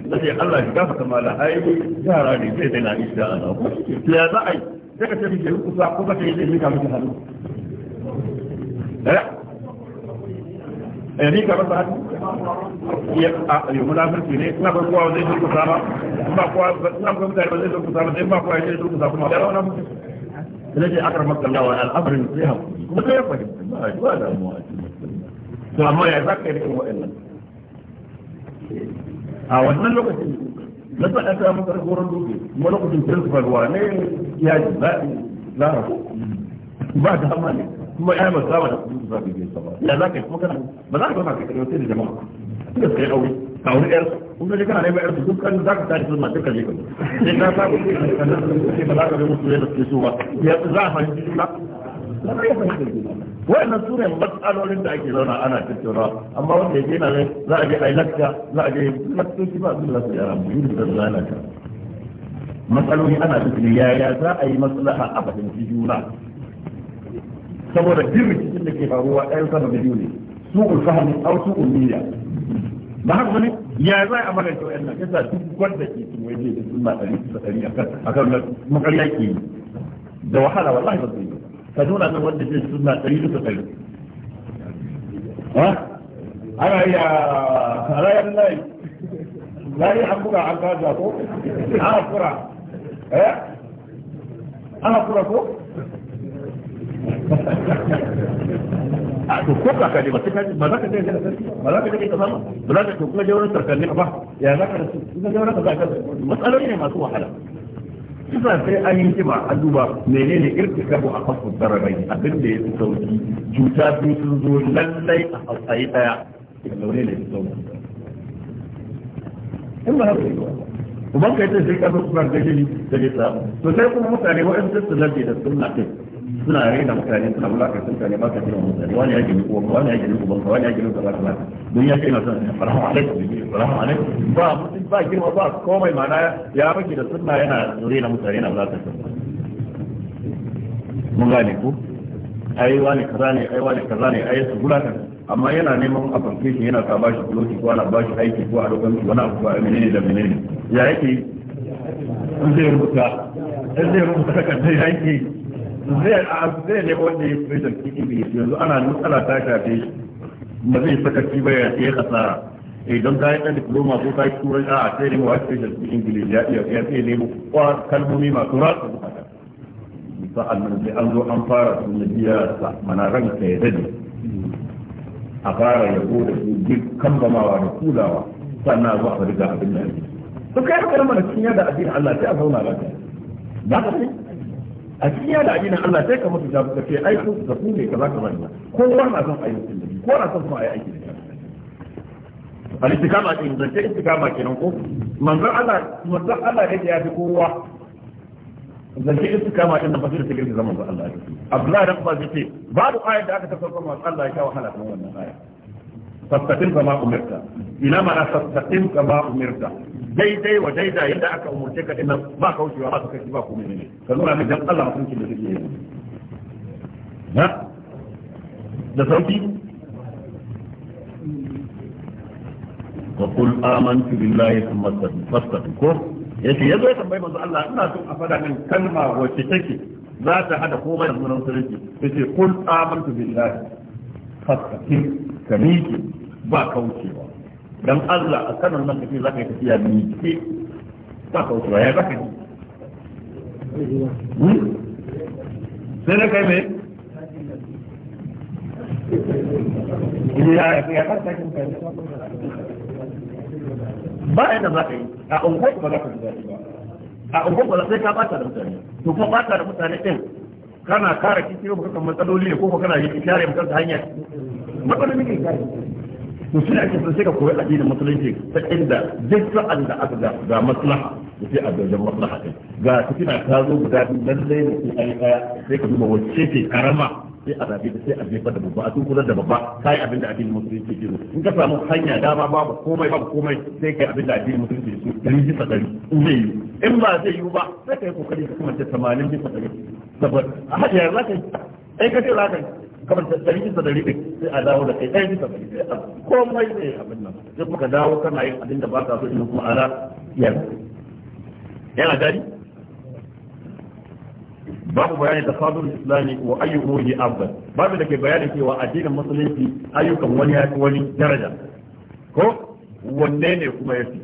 nace Allah ya gafarta da ai yara ne sai dai na insha Allah ya za a yi sai ka tafi ki kusa ko ka yi zai ka miki hannu eh eh ni ka ba hannu ya a yo munafiki ne ina ba kowa zai kusa ba ba kowa ina ba mutane ba zai kusa ba sai ba kowa zai kusa kuma da wannan nace akramaka Allah wa al'amarin sai hakuri kuma sai ya fahimta ba da mu a cikin to amma ya zaka yi irin wa'annan a wannan lokacin na faɗa ta masa goron dutse kuma lokacin principal wa ne ya ji za a ba da hama ne kuma ya masu zama da kudin za ka gaisa ba ya za ka yi kuma kana ba za ka zama ka kare sai da jama'a suka sai aure ka wani yar kuma je kana neman yar su dukkan za ka tashi sun masu kaje ka sai ka sa kuɗi a kan nan ba za ka bi musu yadda suke so ba ya za a fahimci juna wa'annan su ne matsalolin da ake zauna ana tattauna amma wanda ya gina ne za a je a yi lakka za a je lakkoki ba su lafi yara mu yi da zalaka matsaloli ana tattauna yaya za a yi maslaha a fahimci juna saboda duk rikicin da ke faruwa ɗaya sama da biyu ne su ulfahami au su ulmiya ba haka wani ya za a magance wa'annan yasa duk wanda ke cin waje da sunna ɗari bisa ɗari a kan makarya ke da wahala wallahi ba su ka nuna min wanda zai suna duka kai ana iya rayar an buga an kaza ko eh ko a to ko ka kaje ba ba za ka je ba za ka je ka samu ba za ka to kuma sarkarni ba ya za ka rasu kuma ka za ka matsaloli ne masu wahala kisa sai an yi kiba a duba menene irtikabu a kafu darabai abin da ya fi sauki cuta biyu sun zo lallai a tsaye daya laure ne sauki in ba haka yi ba kai sai ka kuma da jini da ke samu to sai kuma mutane wa'in sun lalle da sunna din suna raina mutane suna mulaka sun ba ka kira mutane wani ya gani uwanka wani ya gani ubanka wani ya gani kaza kaza don ya kai na son salamu alaikum salamu alaikum ba mutum ba girma ba komai mana ya baki da sunna yana raina mutane yana sun mun gane ku ai wani kaza ne ai wani kaza ne ai su mulakar amma yana neman application yana ka bashi kuɗi ko ana bashi aiki ko a lokacin wani abu ba menene da menene ya yake in zai rubuta in zai rubuta takardar aiki zai ne wanda ya fi da kiɗi yanzu ana matsala ta shafe shi ba zai saka ci ba ya yi kasara idan eh, ka yi ɗan diploma ko ka yi turai a sai ne wa ake da ingilishi ya iya ya sai ne kwa kalmomi masu ratsa sa'an nan sai an zo an fara suna biya sa mana ran ka ya dade a fara ya yabo da su duk kambamawa da kulawa sannan zo a riga abin da ake su kai mana cikin da addinin Allah sai a zauna lafiya ba ka sai a cikin yada nan Allah sai ka mutu ta ka ce ai ku da ku ne kaza kaza ne kowa na son ayi musulmi ko na son kuma ayi aiki da al-istiqama din da kama istiqama kenan ko manzon Allah manzon Allah ne ya fi kowa zance kama din nan ba sai ta girgiza manzon Allah Abdullahi dan ba zai ce babu ayat da aka tafarka manzon Allah ya sha wahala kuma wannan ayat فاستقم كما امرت الى ما تستقم كما امرت داي داي وداي داي يدا اكا امرتك ان ما كوش ولا تكتب با كومين فنورا من الله ما كنت بتجي ها ده صوتي وقل امنت بالله ثم استقم فاستقم كو يتي يزو يتنبي من الله انا سوء افدا من كلمة وشتكي ذات هذا هو من المنصرين يتي قل امنت بالله فاستقم كميكي ba kaucewa dan Allah a kanan nan kake zaka tafiya ke ba kaucewa ya zaka yi hmm? sai na kai me ba ya da zaka yi a unguwar ba zaka a unguwar ba sai ka bata da mutane to kuma bata da mutane din kana kara kiciyo ba kan matsaloli ko kana yi mutum ta hanya kare to shi ake sai ka koyi addinin musulunci ta inda duk sa'an da aka ga ga maslaha da sai a dajen maslaha ɗin ga na ta zo guda biyu lallai ne sai ai kaya. sai ka duba wacce ce karama sai a zabi sai a jefa da babba a kula da babba kai abin da addinin musulunci ke in ka samu hanya dama babu komai babu komai sai kai abin da addinin musulunci ke dari bisa dari zai yi in ba zai yi ba sai yi kokari ka kuma ta 80 bisa dari saboda a hajiyar za ka yi sai ka ce za ka yi kamar ɗari bisa dari ɗin sai a dawo da kai ɗaya bisa dari sai a komai ne abin nan sai kuma ka dawo kana yin abin da ba ka so ina kuma ana yana yana dari babu bayani da fadul islami wa ayyuhuhi afdal babu da ke bayani cewa addinin musulunci ayyukan wani ya wani daraja ko wanne ne kuma ya fi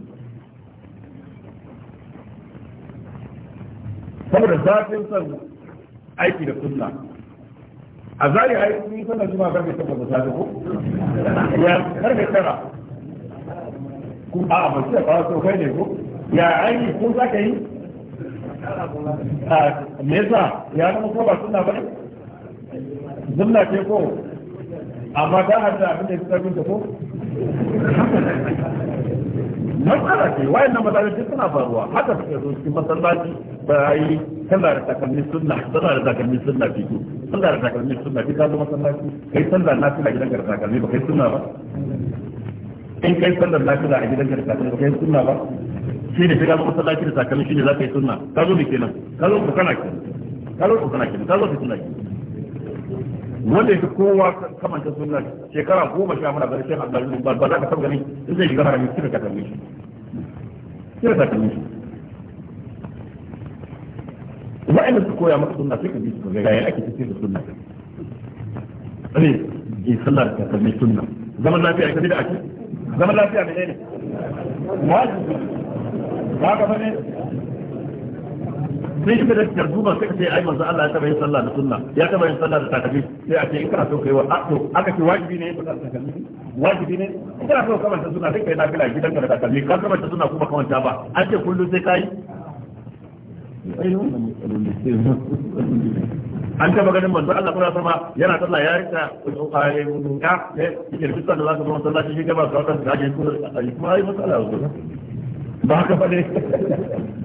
saboda zafin son aiki da sunna a zari a yi sallar juma'a karfe takwas da safe ko ya karfe tara ku a ba ce ba so kai ne ko ya ai kun za ka yi a me yasa ya zama ko ba sunna ba zunna ce ko amma ta hadda abin da ya tsarkin ta ko matsala ce wayan nan matsalolin duk suna faruwa haka suke zo cikin masallaci ba yi tana da takalmin sunna tana da takalmin sunna fito sallah da takalmi sunna duk ka zo masallaci kai sallah na gidan takalmi ba kai sunna ba in kai sallar suna a gidan takalmi ba kai sunna ba shi ne sai ka zo masallaci da takalmi shi ne za ka yi sunna ka zo ka zo kana ka zo kana ka zo wanda yake kowa kamanta sunna shekara goma sha mana bari shekara ba za ka taɓa ganin in zai shiga haramin kira takalmi shi kira takalmi shi wa'anda su koya maka sunna sai ka bi su ga ya ake cikin da sunna ne ji sallar ka kalli sunna zaman lafiya ka bid'a da ake zaman lafiya ne ne wajibi ba ka bane sai shi da kiyar duba sai ka ce ai manzo Allah ya taba yin sallah da sunna ya taba yin sallah da takalmi sai a ce in kana so kai wa to aka ce wajibi ne yin takalmi wajibi ne in kana so kamar ta sunna sai kai na fila gidan ka da takalmi ka kamar suna sunna kuma kawanta ta ba an ce kullum sai kai an taba ganin manzo Allah kuma sama yana tsalla ya rika kwaye ka ne cikin fitan da zaka zama sallah shi gaba ka wannan gaje ko kuma ai matsala ko ba ka ba ne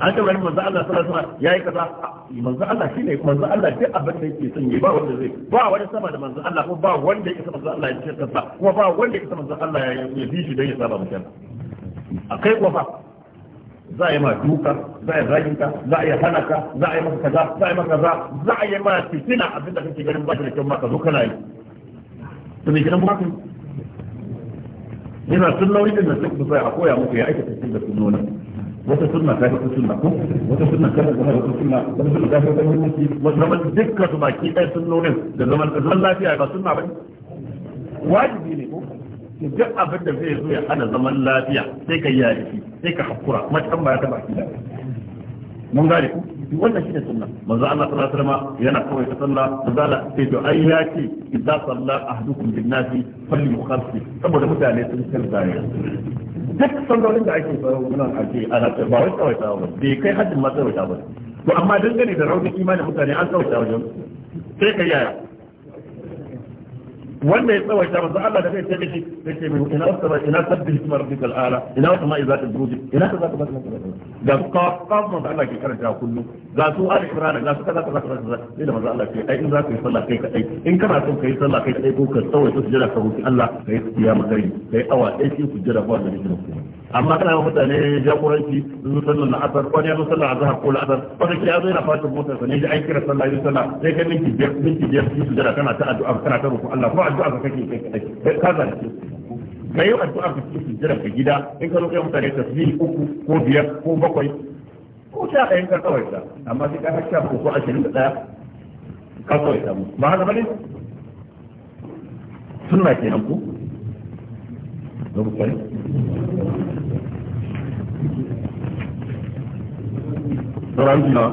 an taba ganin manzo Allah sallallahu alaihi wasallam yayi kaza manzo Allah shine manzo Allah duk abin da yake son yi ba wanda zai ba wani sama da manzo Allah ko ba wanda yake manzo Allah ya ce kansa kuma ba wanda yake manzo Allah ya yi shi da ya saba mutane akai kuma fa za a yi ma duka za a yi zagin ka za a yi hana ka za a yi maka kaza za a yi maka kaza za a yi ma fitina abin da kake ganin ba da kyau maka zo kana yi to me kiran baka yana sunnoni din da suka sai a koya muku ya aikata cikin da sunnonin wata sunna ta wata sunna ko wata sunna ta wata wata sunna wata sunna ta wata mutunci wata zaman dukkan su baki ɗaya sunnonin da zaman lafiya ba sunna ba wajibi ne ko duk abin da zai zo ya hana zaman lafiya sai ka yi yaki sai ka hakura matan ba ta baki da mun gane ku wannan shine sunna manzo Allah sallallahu alaihi wasallam yana kawai ta sallah zala sai to ai ya ce idza salla ahdukum bin nasi falyukhaffi saboda mutane sun zai duk sandolin da ake tsaro muna aje ana ba wai kawai ta ba bai kai haddin ma ta ba to amma dangane da rauni imanin mutane an kawai ta wajen sai ka yaya wanda ya tsawaita masa Allah da kai sai kace kace mai ina sabba ina sabbi isma rabbika al'ala ina wata ma izat al-buruj ina kaza kaza kaza ga su ka ka manzo Allah ke karanta kullum ga su al imran ga su kaza kaza kaza sai da manzo Allah ke ai in za ka yi sallah kai kadai in kana son kai sallah kai kadai ko ka tsawaita sujada ka roki Allah kai kiyama kai kai awa ɗaya sai sujada ba da rikin amma kana yawan mutane jagoranci sun sallar na asar wani ya zo sallar azhar ko la'asar wani ya zo yana fashin motar sa ne da an kira sallah yin sallah sai kai minti biyar minti biyar su sujada kana ta addu'a kana ta roƙo Allah kuma addu'a ka kake kai ka zalunce ka yi addu'a ka cikin sujada ka gida in ka roƙe mutane tasbihi uku ko biyar ko bakwai ko sha ɗayan ka kawai ta amma sai ka haka ko ko ashirin da ɗaya ka kawai ta mu ba haka bane suna kenan ku. Rubutai. sauran shi na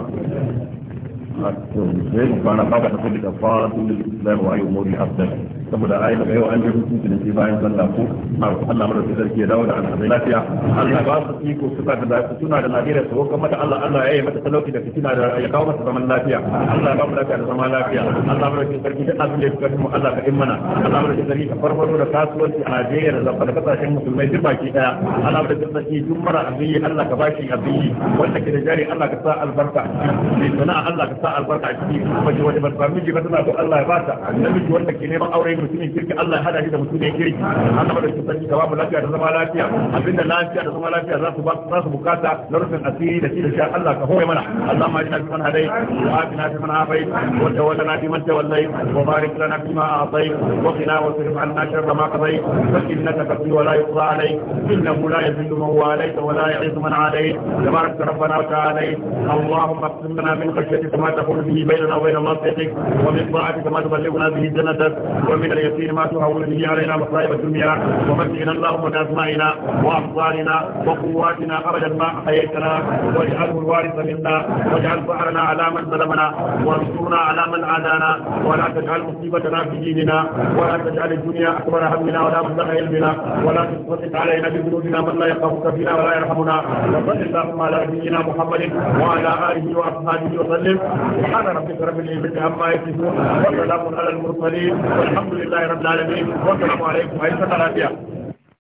mu kwana baka tafi da kafa tun da islam wa ayyukan mutum saboda ai daga yau an ji sun da ke bayan sallah ko Allah mara fitar ke dawo da alhazai lafiya Allah ba su iko suka da zafi suna da lafiya su hukar mata Allah Allah ya yi mata talauci da fitina da ya kawo mata zaman lafiya Allah ba mu lafiya da zaman lafiya Allah mara sarki da azumi da kuma mu Allah ka imana Allah mara fitar ke farfaro da kasuwanci a Najeriya da zafa da kasashen musulmai duk baki daya Allah mara fitar ke duk mara abin Allah ka bashi abin wanda ke da jari Allah ka sa albarka mai sana'a Allah ka sa albarka a ciki wace wace ba miji ba tana so Allah ya bata namiji wanda ke neman aure mutumin kirki Allah ya hada shi da mutumin kirki Allah ba da shi sarki gaba lafiya da zama lafiya abinda lafiya da zama lafiya za su ba za su bukata na rufin asiri da shi da sha Allah ka hoye mana Allah ma ina kan hadai wa afina fi man afai wa tawallana fi man tawallai wa barik lana fi ma atai wa qina wa sirf anna sharra ma qadai fa innaka taqdi wa la yuqda alayk innahu la yadhillu man walayta wa la yu'izzu man alayk tabarak rabbana wa ta'ala اللهم اقسم لنا من خشيتك ما تقول به بيننا وبين معصيتك ومن طاعتك ما تبلغنا به جنتك ومن ومن اليسير ما تهون به علينا مصائب الدنيا ومتعنا اللهم بأسمائنا وأبصارنا وقواتنا أبدا ما أحييتنا واجعله الوارث منا واجعل فأرنا على من ظلمنا وانصرنا على من عادانا ولا تجعل مصيبتنا في ديننا ولا تجعل الدنيا أكبر همنا ولا مبلغ علمنا ولا تسلط علينا بذنوبنا من لا يخافك فينا ولا يرحمنا وصل اللهم على نبينا محمد وعلى آله وأصحابه وسلم سبحان ربك رب العزة عما يصفون وسلام على المرسلين والحمد alhamdulillahi rabbil alamin wa assalamu alaikum wa rahmatullahi